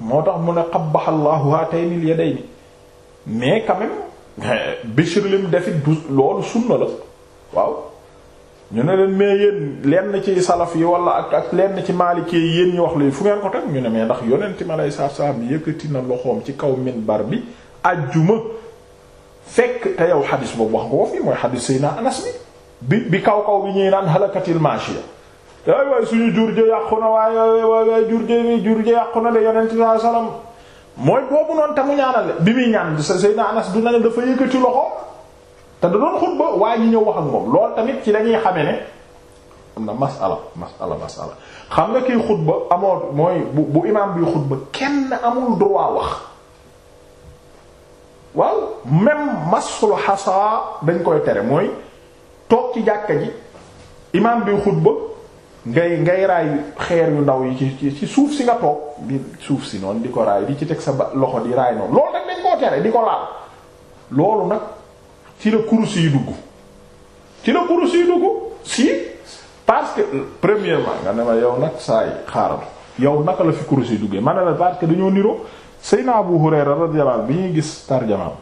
moo tax mu ne qabbaha Allahu haataynil yadayni mais quand même (laughs) Bishr lim defit du loolu sunna la waaw ñu ne leen mais yéen lenn ci salaf yi wala ak ak lenn ci maalikee yi yéen ñu wax lii fu ngeen ko teg ñu ne mais ndax yonent ma lay saaf saaf bi yëkkati na loxoom ci kaw minbar bi ajjuma fekk te yaw xadis boobu wax nga ko fi mooy xadis Seydina Anas bi bi bi kaw kaw bi ñuy naan halakatil maashiya ay waay suñu jur ji yàqu na waaye waay jur ji jur ji yàqu na de yonent saa salaam mooy boobu noonu te mu ñaanal bi muy ñaan Seydina Anas du na ne dafa yëkkati loxo. te da doon xutba waa ji ñëw wax ak moom loolu tamit ci lañuy xame ne am na masala masala masala xam nga kiy xutba amoo mooy bu bu imaam bi xutba kenn amul droit wax waaw même masul xasaa dañ koy tere mooy toog ci jàkka ji imaam bi xutba ngay ngay raay xeer yu ndaw yi ci ci suuf si nga toog di suuf si noonu di ko raay di ci teg sa loxo di raay noonu loolu nag dañ koo tere di ko laal loolu nag ci la kurus yi dugg ci la kurus yi dugg si parce que premièrement nga ne yow nag saa yi xaaral yow naka la fi kurus yi duggee ma ne la parce que dañoo niroo Seyna Abu Hurayra radiyallahu anhu bi ñuy gis tarjamaam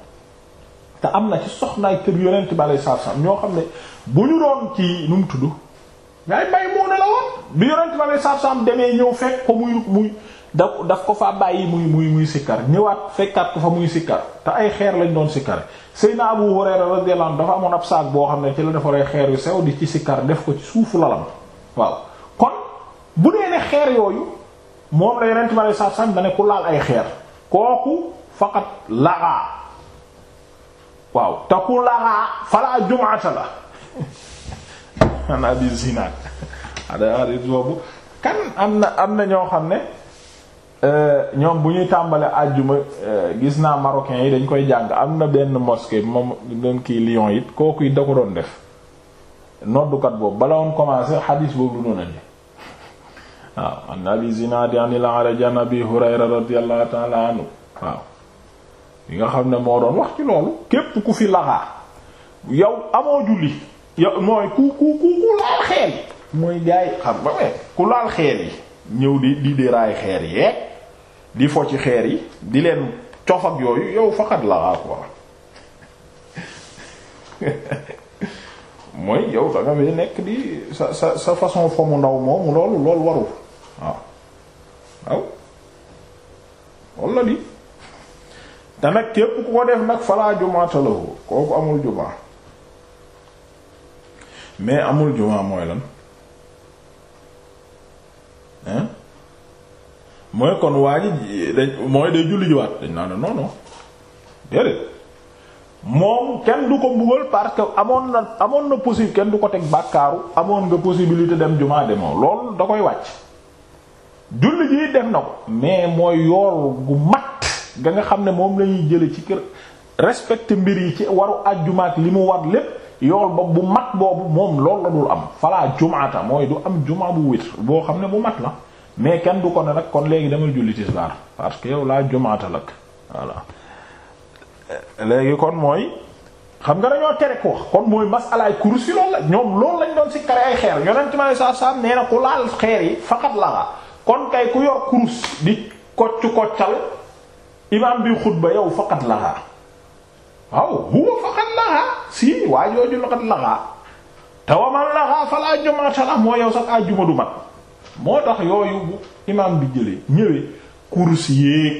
te am na ci soxnaay kër yonent bi alayhi salaatu ñoo xam ne bu ñu doon ci nu mu tudd ngay Maymuna la woon bi yonent bi alayhi salaatu salaam ñëw fekk ko muy muy. da daf ko fa bàyyi muy muy muy sikkar ñëwaat fekkaat ko fa muy sikkar te ay xeer lañ doon sikkar Seydina Abu Hurayra radiyallahu anhu dafa amoon ab saak boo xam ne ci la defaree xeer yu sew di ci sikkar def ko ci suufu lalam waaw kon bu dee ne xeer yooyu moom la yeneen ma lay sax sax da ne ku laal ay xeer kooku faqat laxaa waaw te la (laughs) kan am na am na ñoo xam ne Euh, ñoom bu ñuy tàmbale àjjuma euh, gis naa marocains yi dañ koy jàng am na benn mosquée moom doon kii Lyon it kooku it da ko doon def noddukat boobu bala woon xadiis boobu du noonu andi waaw an abi zinaadi an al-A'raj abi Hurayra radiyallahu ta'ala anhu waaw yi nga xam ne moo doon wax ci loolu képp ku fi laxaa yow amoo julli yow mooy ku ku ku ku laal xeel mooy gaay xam nga ku laal xeel yi ñëw di di déraay xeer yeeg eh? di fo ci xeer yi di leen cof ak yooyu yow faxat la quoi (laughs) mooy yow da nga nekk di sa sa sa façon fo mu ndaw moomu loolu loolu warul waaw waaw di te képp ko def nag falaa jumaata lahu kooku amul jumaa mais amul jumaa mooy lan mooy kon waa ji dañ mooy day julli jiwaat dañ naan non non moom kenn du ko mbugal parce que amoon na amoon na possible kenn du ko teg bàkkaaru amoon nga possibilité dem jumaa demoo loolu da koy wàcc julli ji def na ko mais mooy yool gu mat ga nga xam ne moom lañuy jële ci kër respecte mbir yi ci waru àjjumaak li mu war lépp yool ba bu mat boobu moom loolu la dul am fala jumaata mooy du am jumaa bu witr boo xam ne bu mat la mais kenn du ko ne nag kon léegi damay julli tisbaar parce que yow laa jumaata lak kon mooy xam nga dañoo kon mooy masalaay kurus lañ doon ci kare ay xeer yonent ma waaw huwa faqat la si waaye yooyu laqad laxaa te waman laxaa falaa jumaata la moo yow sax àjjuma du mat moo tax yooyu bu imaam bi jëlee ñëwee course yéeg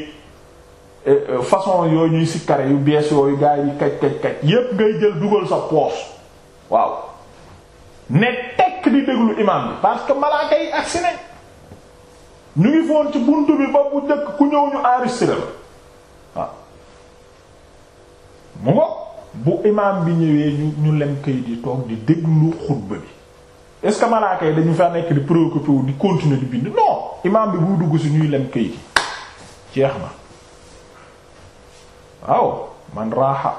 e, e, façon yooyu ñuy sikkare yu bees yooyu gaa yi kaj kaj kaj yépp ngay jël dugal sa poos waaw ne tekk di déglu imaam bi parce que malaaka yi agsi nañ ñu ngi foon ci bunt bi ba bu njëkk ku ñëw ñu enregistré la mu ngo bu imaam bi ñëwee ñu ñu lem kayit yi toog di déglu xutba bi est-ce yi dañu fa nekk di préoccupé wu di continuer di bind non imaam bi buy dugg si ñuy lem kayit yi jeex na waaw man raaxa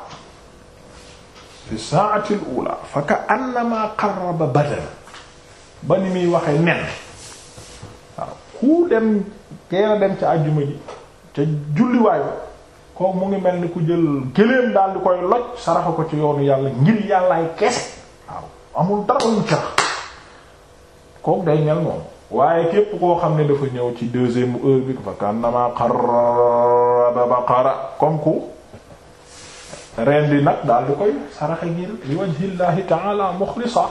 fi saati ula fa ka annama qarraba badan ba ni muy waxee nen waaw ku dem teel a dem ca àjjuma ji ca julliwaayu kooku mu ngi mel ni ku jël gëléem daal di koy loj saraxa ko ci yoonu yàlla ngir yàllaay kese waaw amul dara lu ci rax kooku day mel moom waaye képp koo xam ne dafa ñëw ci deuxième heure bi fa kannama qarraba baqara comme ku ren nag daal di koy saraxa ngir li wajhillahi ta'ala mukhlisa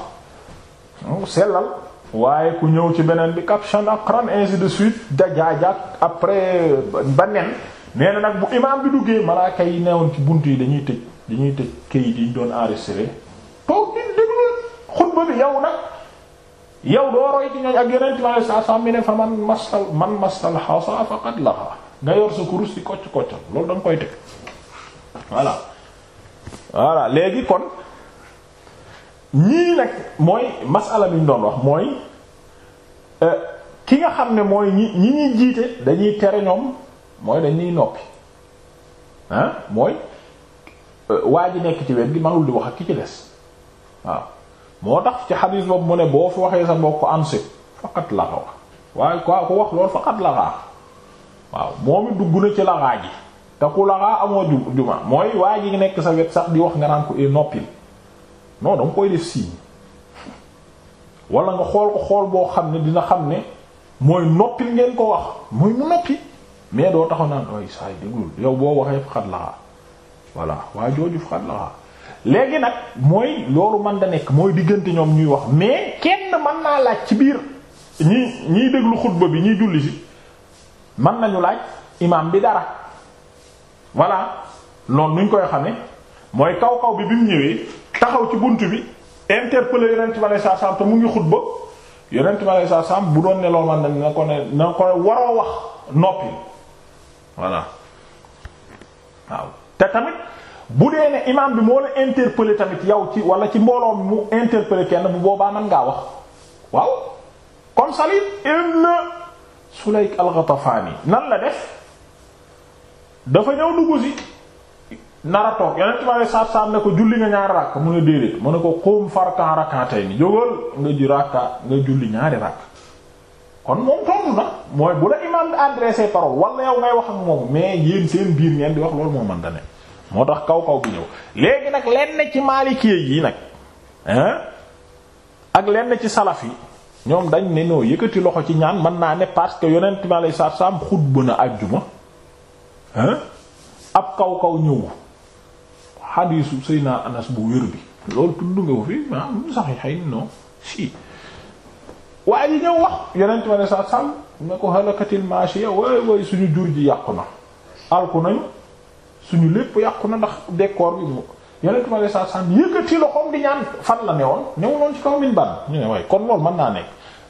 sellal waaye ku ñëw ci beneen bi caption akran ainsi de suite dajaajak après ba nen nee nag bu imaam bi duggee malaaka yi newoon ci bunt yi dañuy tëj dañuy tëj kayit yi ñu doon enregistré toog di déglu xutba bi yow nag yow doo roy ci ñooñ ak yonent ma sa sa mi ne fa man masal man masal xasa faqad laxa nga yor sa kurus ci kocc koccal loolu da koy teg voilà voilà léegi kon ñii nag mooy masala bi ñu doon wax mooy euh, ki nga xam ne mooy ñi ñi ñuy jiite dañuy tere ñoom mooy dañ ñuy noppi ah mooy euh, waa ji nekk ci wet gi manul di wax ak ki ci des waaw moo tax ci xadiis boobu mu ne boo fi waxee sa mbokk ansi faqat laxa wax waaye ku ko wax loolu faqat laxaa waaw moom it dugg na ci laxaa ji te ku laxaa amoo juma mooy waa ji nekk sa wet sax di wax nga naan ko eh, noppil non danga koy def signe wala nga xool ko xool boo xam ne dina xam ne mooy noppil ngeen ko wax mooy mu noppi mais doo taxaw naan saa saay déglul yow boo waxee fu xat laxaa voilà waa jooju fu xat laxaa léegi nag mooy loolu man da nekk mooy diggante ñoom ñuy wax mais kenn man naa laaj ci biir ñi ñiy déglu xutba bi ñuy julli si mën nañu laaj imam bi dara voilà noonu nuñ koy xame mooy kaw kaw bi bi mu ñëwee taxaw ci bunt bi interpeller yonent bi aleyhi salaatu salaam te mu ngi xutba yonent bi aleyhi salaatu bu doon ne man na ko ne na ko waroo wax noppi voilà waaw te tamit bu dee ne imaam bi moo la interpeller tamit yow ci wala ci mbooloo mu interpeller kenn bu boobaa mën ngaa wax waaw kon Salim ibn Sulayk al nan la def dafa ñëw dugg si nara toog yeneen tubaab yi saaf ne ko julli nga ñaari rakk mu ne déedéet mu ne ko xóom farkan rakkan ni jógal nga julli ñaari rakk kon moom tontu na mooy bu la imaam adressé parole wala yow ngay wax ak moom mais yéen seen biir ngeen di wax loolu moo mën da ne moo tax kaw kaw bi ñëw léegi nag lenn ci maalikee yi nag ak lenn ci salaf yi ñoom dañ ne noo yëkkati loxo ci ñaan mën naa ne parce que yonent mi lay salaatu salaam xutba na àjjuma hein ab kaw kaw ñëw xadiisu Seydina Anas bu wér bi loolu tudd nga ko fi ah sax yi xëy non si. waaye yi ñëw wax yeneen ci ma ne saa sàmm ne ko halakatil maashiya waay waay suñu jur ji yàqu na alku nañu suñu lépp yàqu na ndax décor bi mu yeneen ci ma ne saa sàmm yëkkati loxoom di ñaan fan la newoon newoon ci kaw minbar ñu ne waaye kon loolu mën naa nekk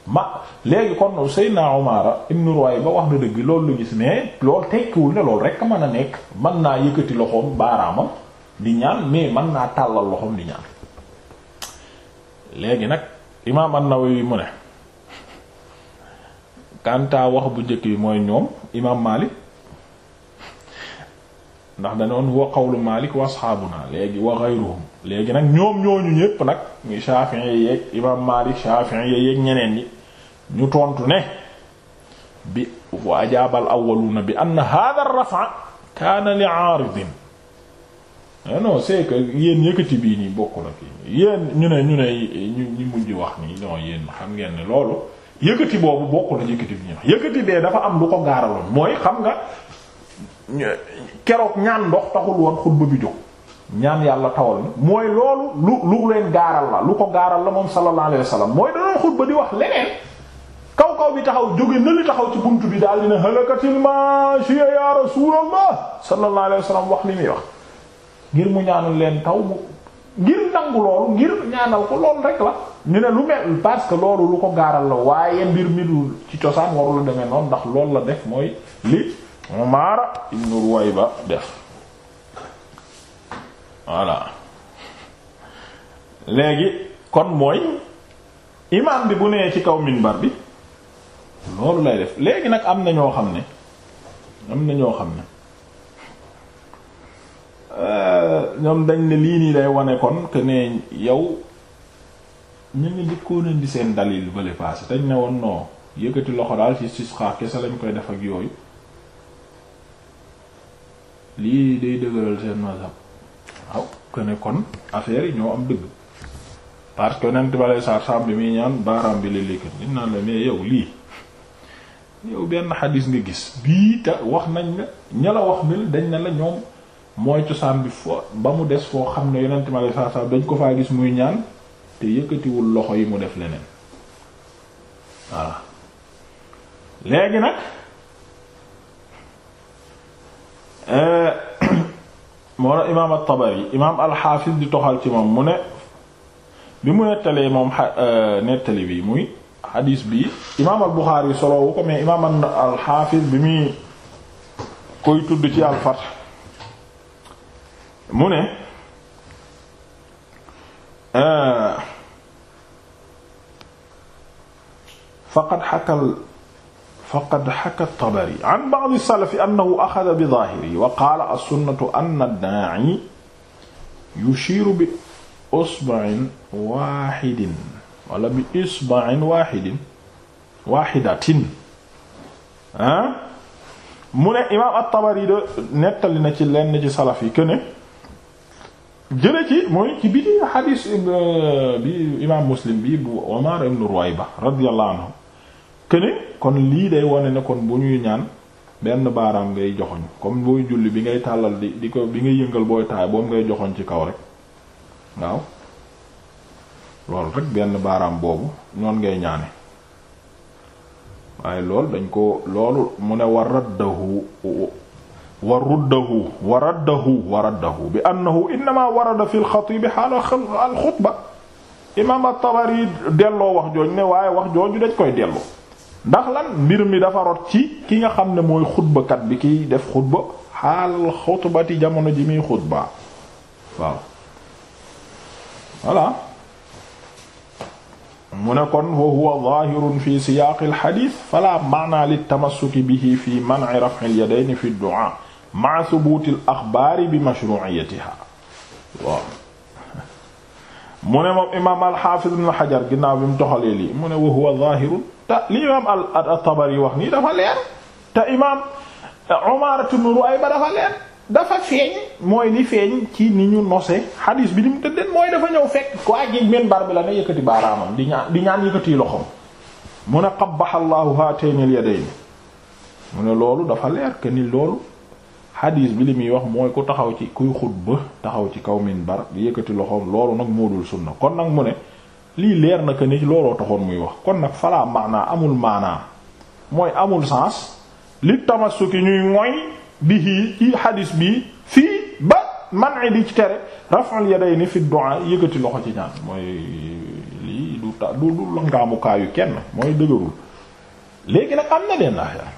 ma léegi kon Seydina Umara ibn Ruwayba wax na dëgg loolu lu gis mais loolu tekkiwul ne loolu rek mën a nekk mën naa yëkkati loxoom baaraamam di ñaan mais mën naa tàllal loxoom di ñaan léegi nag imaam An-Nawawi kanta wax bu njëkk yi mooy ñoom imaam Malik ndax danoon wa qawlu Malik wa asxaabuna léegi wa ghayruhum léegi nag ñoom ñooñu yépp nag ñu Shafi'i yeeg imaam Malik Shafi'i yeeg ñeneen yi ñu tontu ne bi wa ajaabal awwaluuna bi anna hadha ar-raf'a kaana li 'aaridin eh yéen yëkkati bii nii bokk na fi yéen ñu ne ñu ne ñu ñu mujj wax nii non yéen xam ngeen ne loolu yëkkati boobu bokkul ak yëkkati bi ñuy wax yëkkati bee dafa am lu ko gaaraloon mooy xam nga keroog ñaan ndox taxul woon xutba bi jóg ñaan yàlla tawal ni mooy loolu lu leen gaaral la lu ko gaaral la moom sallallahu alayhi wasallam mooy da xutba di wax leneen kaw kaw bi taxaw jóge na taxaw ci bunt bi daal dina halakatil mashiya ya rasulullah sallallahu alayhi wasallam wax li muy wax ngir mu ñaanu leen taw mu ngir nangu loolu ngir ñaanal ko loolu rek la ñu ne lu mel parce que loolu lu ko gaaral la waaye mbir mi du ci cosaan warul demee noonu ndax loolu la def mooy li Umar ibn Ruwayba def voilà léegi kon mooy imaam bi bu nee ci kaw minbar bi loolu lay def léegi nag am na ñoo xam ne am na ñoo xam ne Euh, ñoom dañ ne lii nii day wane kon que ne yow ñu ngi njëkkoon indi seen dalil bële paase dañ ne woon non yëkkati loxo daal ci sis xaar kese lañ koy def ak yooyu lii day dëgëral seen mazhab waaw que kon affaire yi ñoo am dëgg parce que nent balay saar sam bi muy ñaan baaraam bi li liquen li naan la mais yow lii yow benn xadis nga gis bii te wax nañ nga ña wax ni dañ ne la ñoom mooy cosaan bi fo ba mu des foo xam ne yonent ma la saa saa dañ ko faa gis muy ñaan te yëkkatiwul loxo yi mu def leneen voilà léegi nag euh, (coughs) moo imaam at di toxal ci moom mu ne bi mu nettalee moom euh, nettali bi muy hadis bi imaam al-Bukhari soloowu bi muy koy tudd ci alfat mu ne euh, faqad xakal faqad xaka Tabari an ba'd as-salaf annahu axada bi zaahirihi wa qaala as-sunnatu anna ad-daa'i yushiiru bi usbu'in waahidin wala bi isba'in waahidin waahidatin ah mu ne imaam at-Tabari de nettali na ci lenn ci salaf yi que ne jële ci mooy ci biti xadiis euh, bi imaam muslim bi bu Omar ibn Ruwayba radiyallahu anhu këne kon lii day wane ne kon bu ñuy ñaan benn baaraam ngay joxoñ comme booy julli bi ngay tàllal di di ko bi ngay yëngal booy taay boobu ngay joxoñ ci kaw rek waaw loolu rek benn baaraam boobu noon ngay ñaane waaye loolu dañ ko loolu mu ne war raddahu wa ruddahu wa raddahu wa raddahu bi annahu innama warada fi lxatibi xaala alxutba imaam at delloo wax jooju ne waaye wax jooju dañ koy delloo ndax lan mbir mi dafa rot ci ki nga xam ne mooy xutbakat bi kiy def xutba xaal xutbati jamono ji muy xutba waaw voilà mu ne kon wa huwa zaahirun fi siyaaqi al-hadiis fala maana li tamassuki bihi fi man'i raf'i al fi ad maa subuutil axbaari bi mashru'iyatiha waaw mu ne moom imaam al-Hafiz ibn Hajar ginnaaw bi mu toxalee lii mu ne wa huwa zaahirun te li imaam at-Tabari wax nii dafa leer te imaam Umaaratu ibn Ru'ayba dafa leer dafa feeñ mooy li feeñ ci ni ñu nose xadiis bi ni mu tëddeen mooy dafa ñëw fekk ko ak yéeg minbar bi la ne yëkkati baaraamam di ñaan di ñaan yëkkati loxoom mu ne qabbaha Allahu haatayni al-yadayni mu ne loolu dafa leer que loolu xadiis bi li muy wax mooy ku taxaw ci kuy xutba taxaw ci kaw minbar di yëkkati loxoom loolu nag moo dul sunna kon nag mu ne lii leer na que ni looloo taxoon muy wax kon nag falaa maanaa amul maanaa mooy amul sens li tamassuki ñuy moy bihi ci xadiis bi fii ba man di ci tere raf'al yadayni fi du'a yëkkati loxo ci ñaan mooy lii du ta du du la ngaamukaayu kenn mooy dëgërul léegi nag am na leen affaire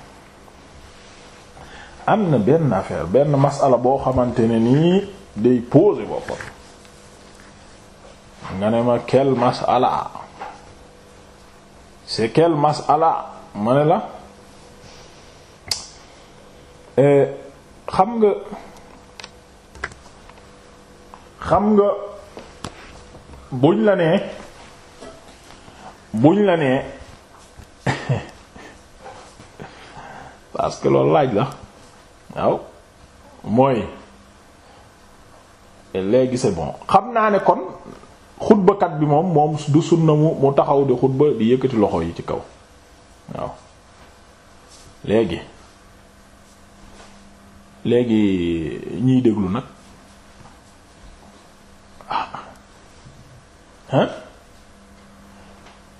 am na benn affaire benn masala boo xamante ne nii day poser boppam nga ne ma quel masala c'est quel masala ma ne la eh, xam nga xam nga buñ la nee buñ la nee (laughs) parce que loolu laaj la waaw mooy léegi se bon xam naa ne kon xutbakat bi moom moom du sunna mu mu taxaw di xutba di yëkkati loxo yi ci kaw waaw léegi léegi ñiy déglu nag ah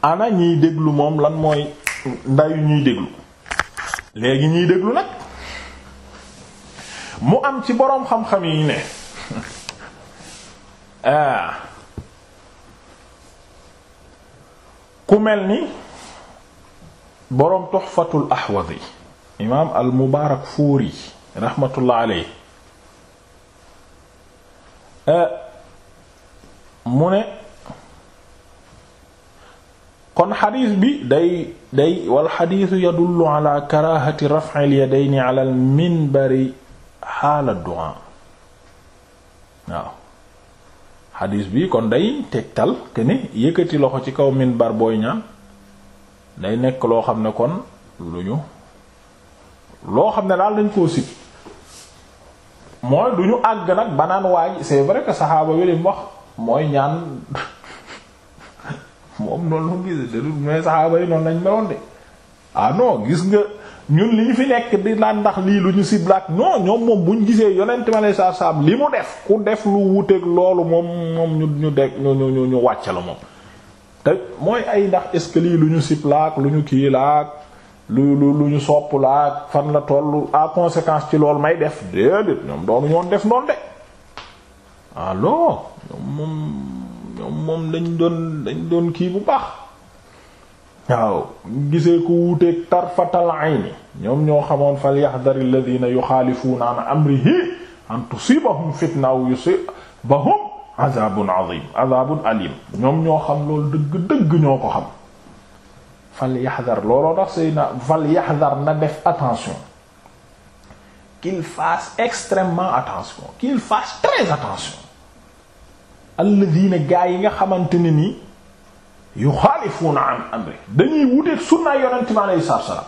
ana ñiy déglu moom lan mooy ndayu ñuy déglu léegi ñiy déglu nag mu am ci boroom xam-xam yi ne (laughs) ah, ku mel ni boroom Tuhfatul Ahwadi imaam al Mubaarak Fuuri rahmatullah aleyhi eh, mu ne kon xadiis bi day day wal xadiisu yadullu ala karaahati raf'il yadayni ala al minbari xaala du'a waaw xadiis bi kon day tegtal ke yëkkati loxo ci kaw minbar booy ñaan day nekk loo xam ne kon lu ñu loo xam ne daal dañ koo sib mooy du ñu àgg nag banaan waaj c'est vrai saxaaba wi lim wax mooy ñaan (laughs) moom noonu lu gis de mais saxaaba yi noonu lañ meloon de ah gis nga ñun li ñu fi nekk di laan ndax lii lu ñu siblaak ñoo ñoom moom bu ñu gisee yonent ma lay saa saam li mu def ku def lu wuteeg loolu moom moom ñu ñu deg ñu ñu ñu wàcc la moom. te mooy ay ndax est-ce que lu ñu siblaak lu ñu kii laak lu lu lu ñu sopp laak fan la toll à conséquence ci loolu may def déedéet ñoom doonu ñoon def noonu de aloo ñoom moom ñoom moom dañ doon dañ doon kii bu baax. waaw gisee ko wuuteeg tarfatal ayni ñoom ñoo xamoon fal yahdari alladhina yuxaalifuuna am amrihi an tusibahum fitna aw yusibahum azabun azim azabun alim ñoom ñoo xam loolu dëgg-dëgg ñoo ko xam fal yahdar looloo tax say na fal yahdar na def attention qu'il fasse extrêmement attention qu'il fasse très attention alladhina gaa yi nga xamante nii yuxaalifuuna an amri dañuy wutee sunna yonent mi alayhi salaam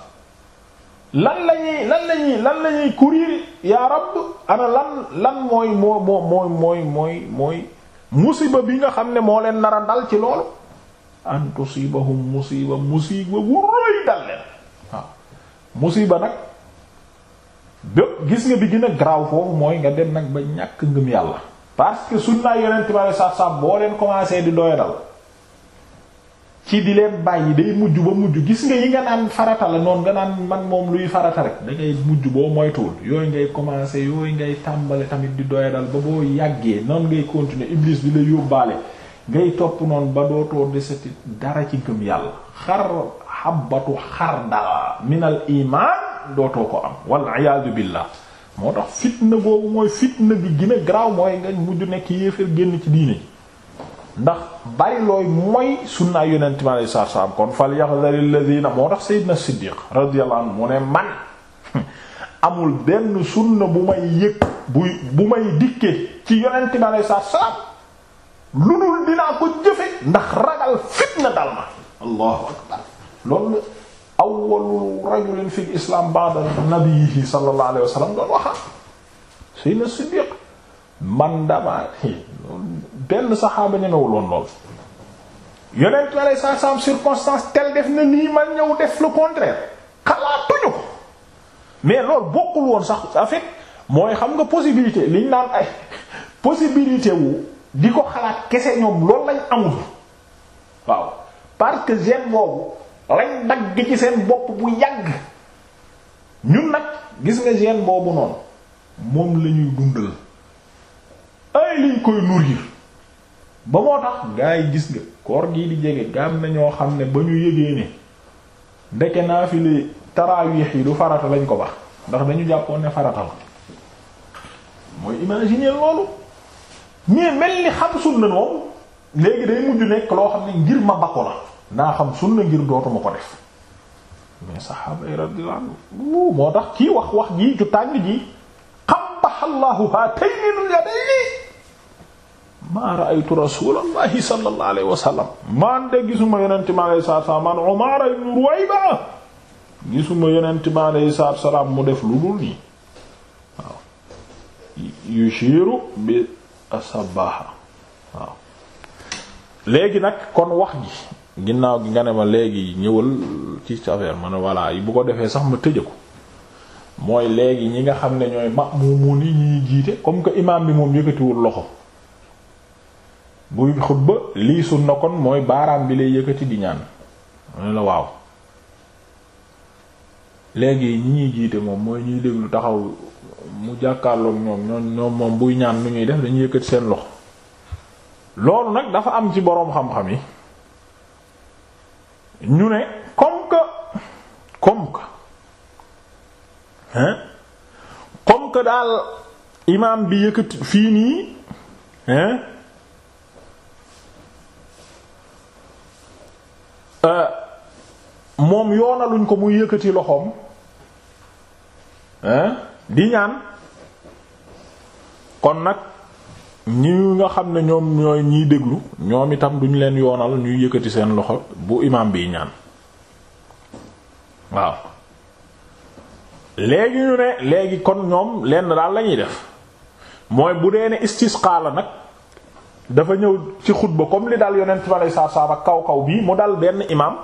lan la ñuy lan la ñuy lan lañuy ñuy courir yaa rabb ana lan lan mooy moo mooy mooy mooy mooy bi nga xam ne moo leen nar dal ci loolu an tusibahum musiba musiba bu rëy dal leen waaw musiba nag bépp gis nga bi gën a garaaw foofu mooy nga dem nag ba ñàkk ngëm yàlla parce que sunna yonent mi alayhi salaam boo leen commencé di doyadal ci di leen bàyyi day mujj ba mujj gis nga yi nga naan farata la noonu nga naan man moom luy farata rek da ngay mujj boo moytuwul yooyu ngay commencer yooyu ngay tàmbale tamit di doyadal ba boo yàggee noonu ngay continuer iblis di la yóbbaale ngay topp noonu ba dootoo deseti dara ci gëm yàlla xar xabbatu xardal minal iman dootoo ko am wal iyaadu billah moo tax fitna boobu mooy fitna gi gën a garaaw mooy nga mujj nekk yéefér génn ci diine ji ndax bari looy mooy sunna yonent mi alayhi salaatu salaam kon fal yaxdari moo tax Seydina Siddiq radiyallahu anhu mu ne man (laughs) amul benn sunna bu may yëg buy bu may dikkee ci yonent mi alayhi salaam lu dul dinaa ko jëfe ndax ragal fitna dal ma allahu akbar loolu awwalu rajulin fil islam ba'da nabiyhi sallallahu alayhi wa sallam man dama benn saxaaba ñemewuloon lool yonent bi saa saam circonstance tel def na nii man ñëw def le contraire xalaatuñu ko mais loolu bokkul woon sax en fait mooy xam nga possibilité liñ naan ay possibilité wu di ko xalaat kese ñoom loolu lañ amul waaw parce que gene boobu lañ dagg ci seen bopp bu yàgg ñun nag gis nga gene boobu noonu moom la ñuy dundal ay liñ koy nourrir ba moo tax gaa yi gis nga koor gii di jege gaam na ñoo xam ne ba ñu yëgee ne ndeke naa fi li taraawiix yi lu farata lañ ko bax ndax dañu jàppoon ne farata la mooy imaginer loolu mais mel ni xam sunna moom léegi day mujj nekk loo xam ne ngir ma bakko la naa xam sunna ngir dootuma ko def mais saxaaba yi radiyallahu anhu moo tax kii wax wax jii ju tàng ji qabbahallahu haatayni al yadayni maa ay rasulallahi sallallahu alayhi wa sallam de gisuma yonente mi alayhi salaatu salaam man Umaara ibn gisuma yonente mi salaam mu def lu dul nii waaw yushiru bi asabaha waaw léegi nag kon wax gi ginnaaw gi nga ne ma léegi ñëwal ci affaire ma ne yi bu ko defee sax ma tëje ko mooy léegi ñi nga xam ne ñooy ma mu mu ni ñuy jiite comme que imaam bi moom yëkkatiwul loxo buy xutba lii sunna kon mooy baaraam bi lay yëkkati di ñaan mu waaw léegi ñi ñuy jiite moom mooy ñuy déglu taxaw mu jàkkaarloog ñoom ñoom moom buy ñaan lu ñuy def dañu yëkkati seen loxo loolu nag dafa am ci boroom xam-xam yi ñu ne comme que comme hein comme daal imaam bi yëkkati fii nii hein Euh, moom yoonaluñ ko muy yëkkati loxoom di ñaan kon nag ñi nga xam ne ñoom ñooy ñiy déglu ñoom itam duñ leen yoonal ñuy yëkkati seen loxo bu imaam bi ñaan waaw léegi ñu ne léegi kon ñoom lenn daal lañuy def mooy bu dee ne istisqa la nag dafa ñëw ci xutba comme li dal yonent bi alei satu salaam ak kaw kaw bii mu dal benn imam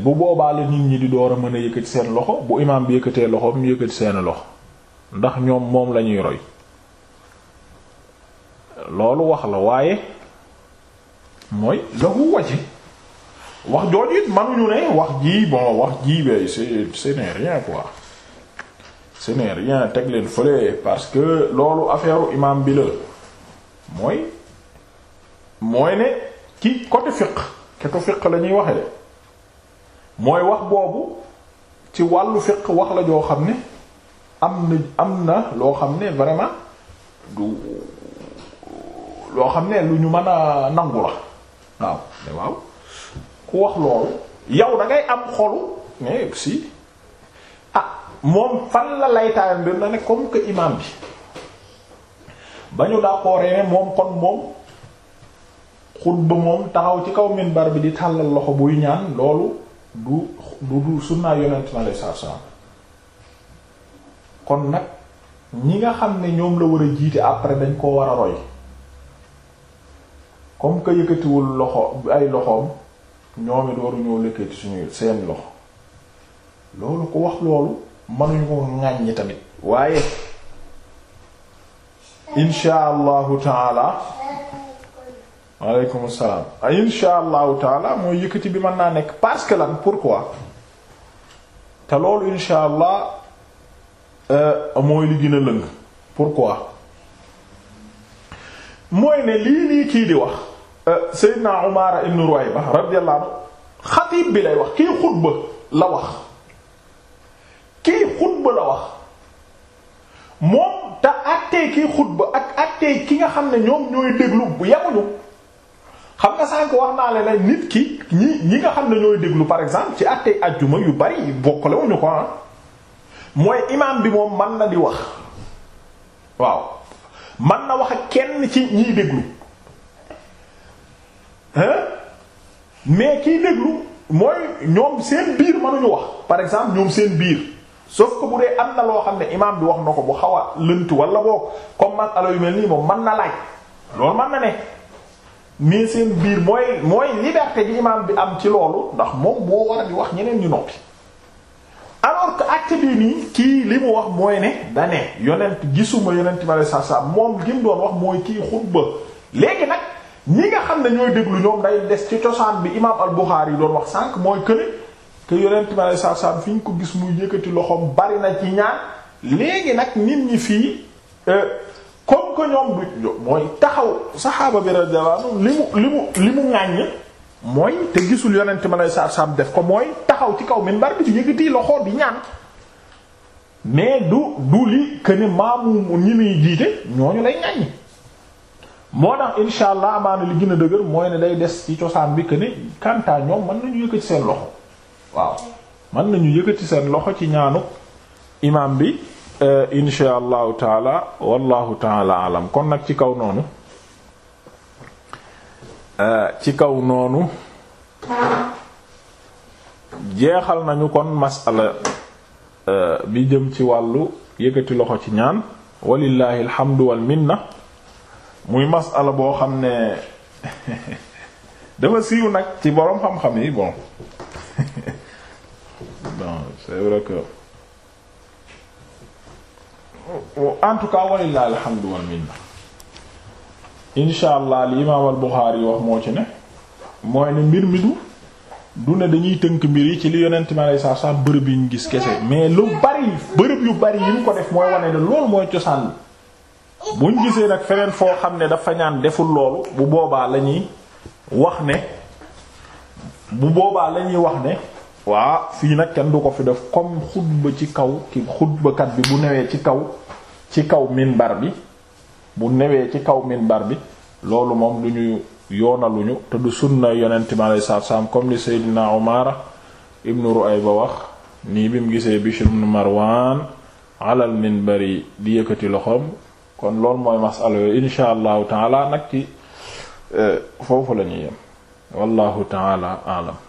bu boobaa la nit ñi di door a mën a yëkkati seen loxo bu imam bi yëkkatee loxo mu yëkkati seen loxo ndax ñoom moom la ñuy roy loolu wax la waaye mooy lahu waji wax jooju it manuñu ne wax ji bon wax ji bay c'est rien quoi ce n'est rien teg leen fële parce que loolu affaire imam bi la mooy mooy ne ki côté fiqh ketu fiqh la ñuy waxe de mooy wax boobu ci wàllu fiqh wax la joo xam ne am na am na loo xam ne vraiment du loo xam ne lu ñu mën a nangu la waaw mais waaw ku wax loolu yow dangay am xolu mais si ah moom fan la laytaayam bi na ne comme que imam bi ba ñu dàqooree ne moom kon moom xutba moom taxaw ci kaw minbar bi di tàllal loxo buy ñaan loolu du du du sunnaa yonent na lay sarsam kon nag ñi nga xam ne ñoom la war a jiite après dañ koo war a roy comme que yëkkatiwul loxo ay loxoom ñoom it waruñoo lëkkati suñu seen loxo loolu ku wax loolu mënuñu ko ŋàññi tamit waaye insha allahu taala waaleykum salaam ah, insha allahu taala mooy yëkkati bi mën naa nekk parce que lan pourquoi te loolu insha allah euh, mooy li gën pourquoi mooy ne lii nii kii di wax euh, Seydina Umaara ibn Ruwayba radiyallahu anhu xatiib bi lay wax kii xutba la wax kii xutba la wax moom te àttee kiy xutba ak àttee ki nga xam ne ñoom ñooy déglu bu yemuñu xam nga sànk wax naa leen ne nit ki ñi ñi nga xam ne ñooy déglu par exemple ci àttee ajjuma yu bari yu bokkale wuñu ko ah. mooy imaam bi moom man na di wax waaw man na wax ak kenn ci ñiy déglu hein mais kii déglu mooy ñoom seen biir mënuñu wax par exemple ñoom seen biir. soo ko bu dee am na loo xam ne imaam bi wax na ko bu xaw a lënt wala boog comme man ala yu mel nii moom mën na laaj loolu mën na ne mais seen biir mooy mooy liberté bi imaam bi am ci loolu ndax moom boo war a di wax ñeneen ñu noppi alors que acte bii nii kii li mu wax mooy ne dane yonent gisuma yonent ma la sa sa moom li doon wax mooy kii xutba léegi nag ñi nga xam ne ñooy déglu ñoom day des ci cosaan bi imaam al Bukhari yi doon wax sànq mooy këne te yonent ma lay sarsam fi ñu ko gis muy yëkkati loxoom bari na ci ñaan léegi nag nit ñi fii euh, comme que ñoom du mooy taxaw saxaaba bi radiyallahu anhu li mu li mu li mu ŋàññ mooy te gisul yonent ma lay sarsam def ko mooy taxaw ci kaw minbar bi di yëkkati loxo di ñaan mais du du li que ne maamu ñi muy jiite ñooñu lay ŋàññ moo tax insha allah li gën a dëgër mooy ne day des ci cosaan bi que ne kantaa ñoom mën nañu yëkkati seen loxo. waaw mën nañu yëkkati seen loxo ci ñaanu imaam bi eh, insha allahu taala wallahu taala alam kon nag ci kaw noonu eh, ci kaw noonu jeexal nañu kon masala eh, bi jëm ci wàllu yëkkati loxo ci ñaan walillahi alhamdu wal minna muy masala boo xam ne (laughs) dafa siiw nag ci boroom xam-xam yi bon c'est vrai que en tout cas walilah alhamdu wal minna insha allah li imaam al Buxaari wax moo ci ne mooy ne mbir mi du ne dañuy tënk mbir yi ci li yonent mi alei satu salam bërëb yi ñu gis kese mais lu bari bërëb yu bari yi mu ko def mooy wane ne loolu mooy cosaan bi buñ gisee nag feneen foo xam ne dafa ñaan deful loolu bu boobaa la ñuy wax ne bu boobaa lañuy wax ne waaw fii nag kenn du ko fi def comme xutba ci kaw ki xutbakat bi bu newee ci kaw ci kaw minbar bi bu newee ci kaw min bar bi loolu moom du ñu yoonaluñu te du sunna na mi alayhi salaatu salaam comme li Seydina Umaara ibnu Ru'ayba wax nii bi gisee Bishr ibn Marwan alal minbari di yëkkati loxoom kon loolu mooy masala yooyu insha allahu taala nag ci eh, foofu la ñuy yem wallahu taala alam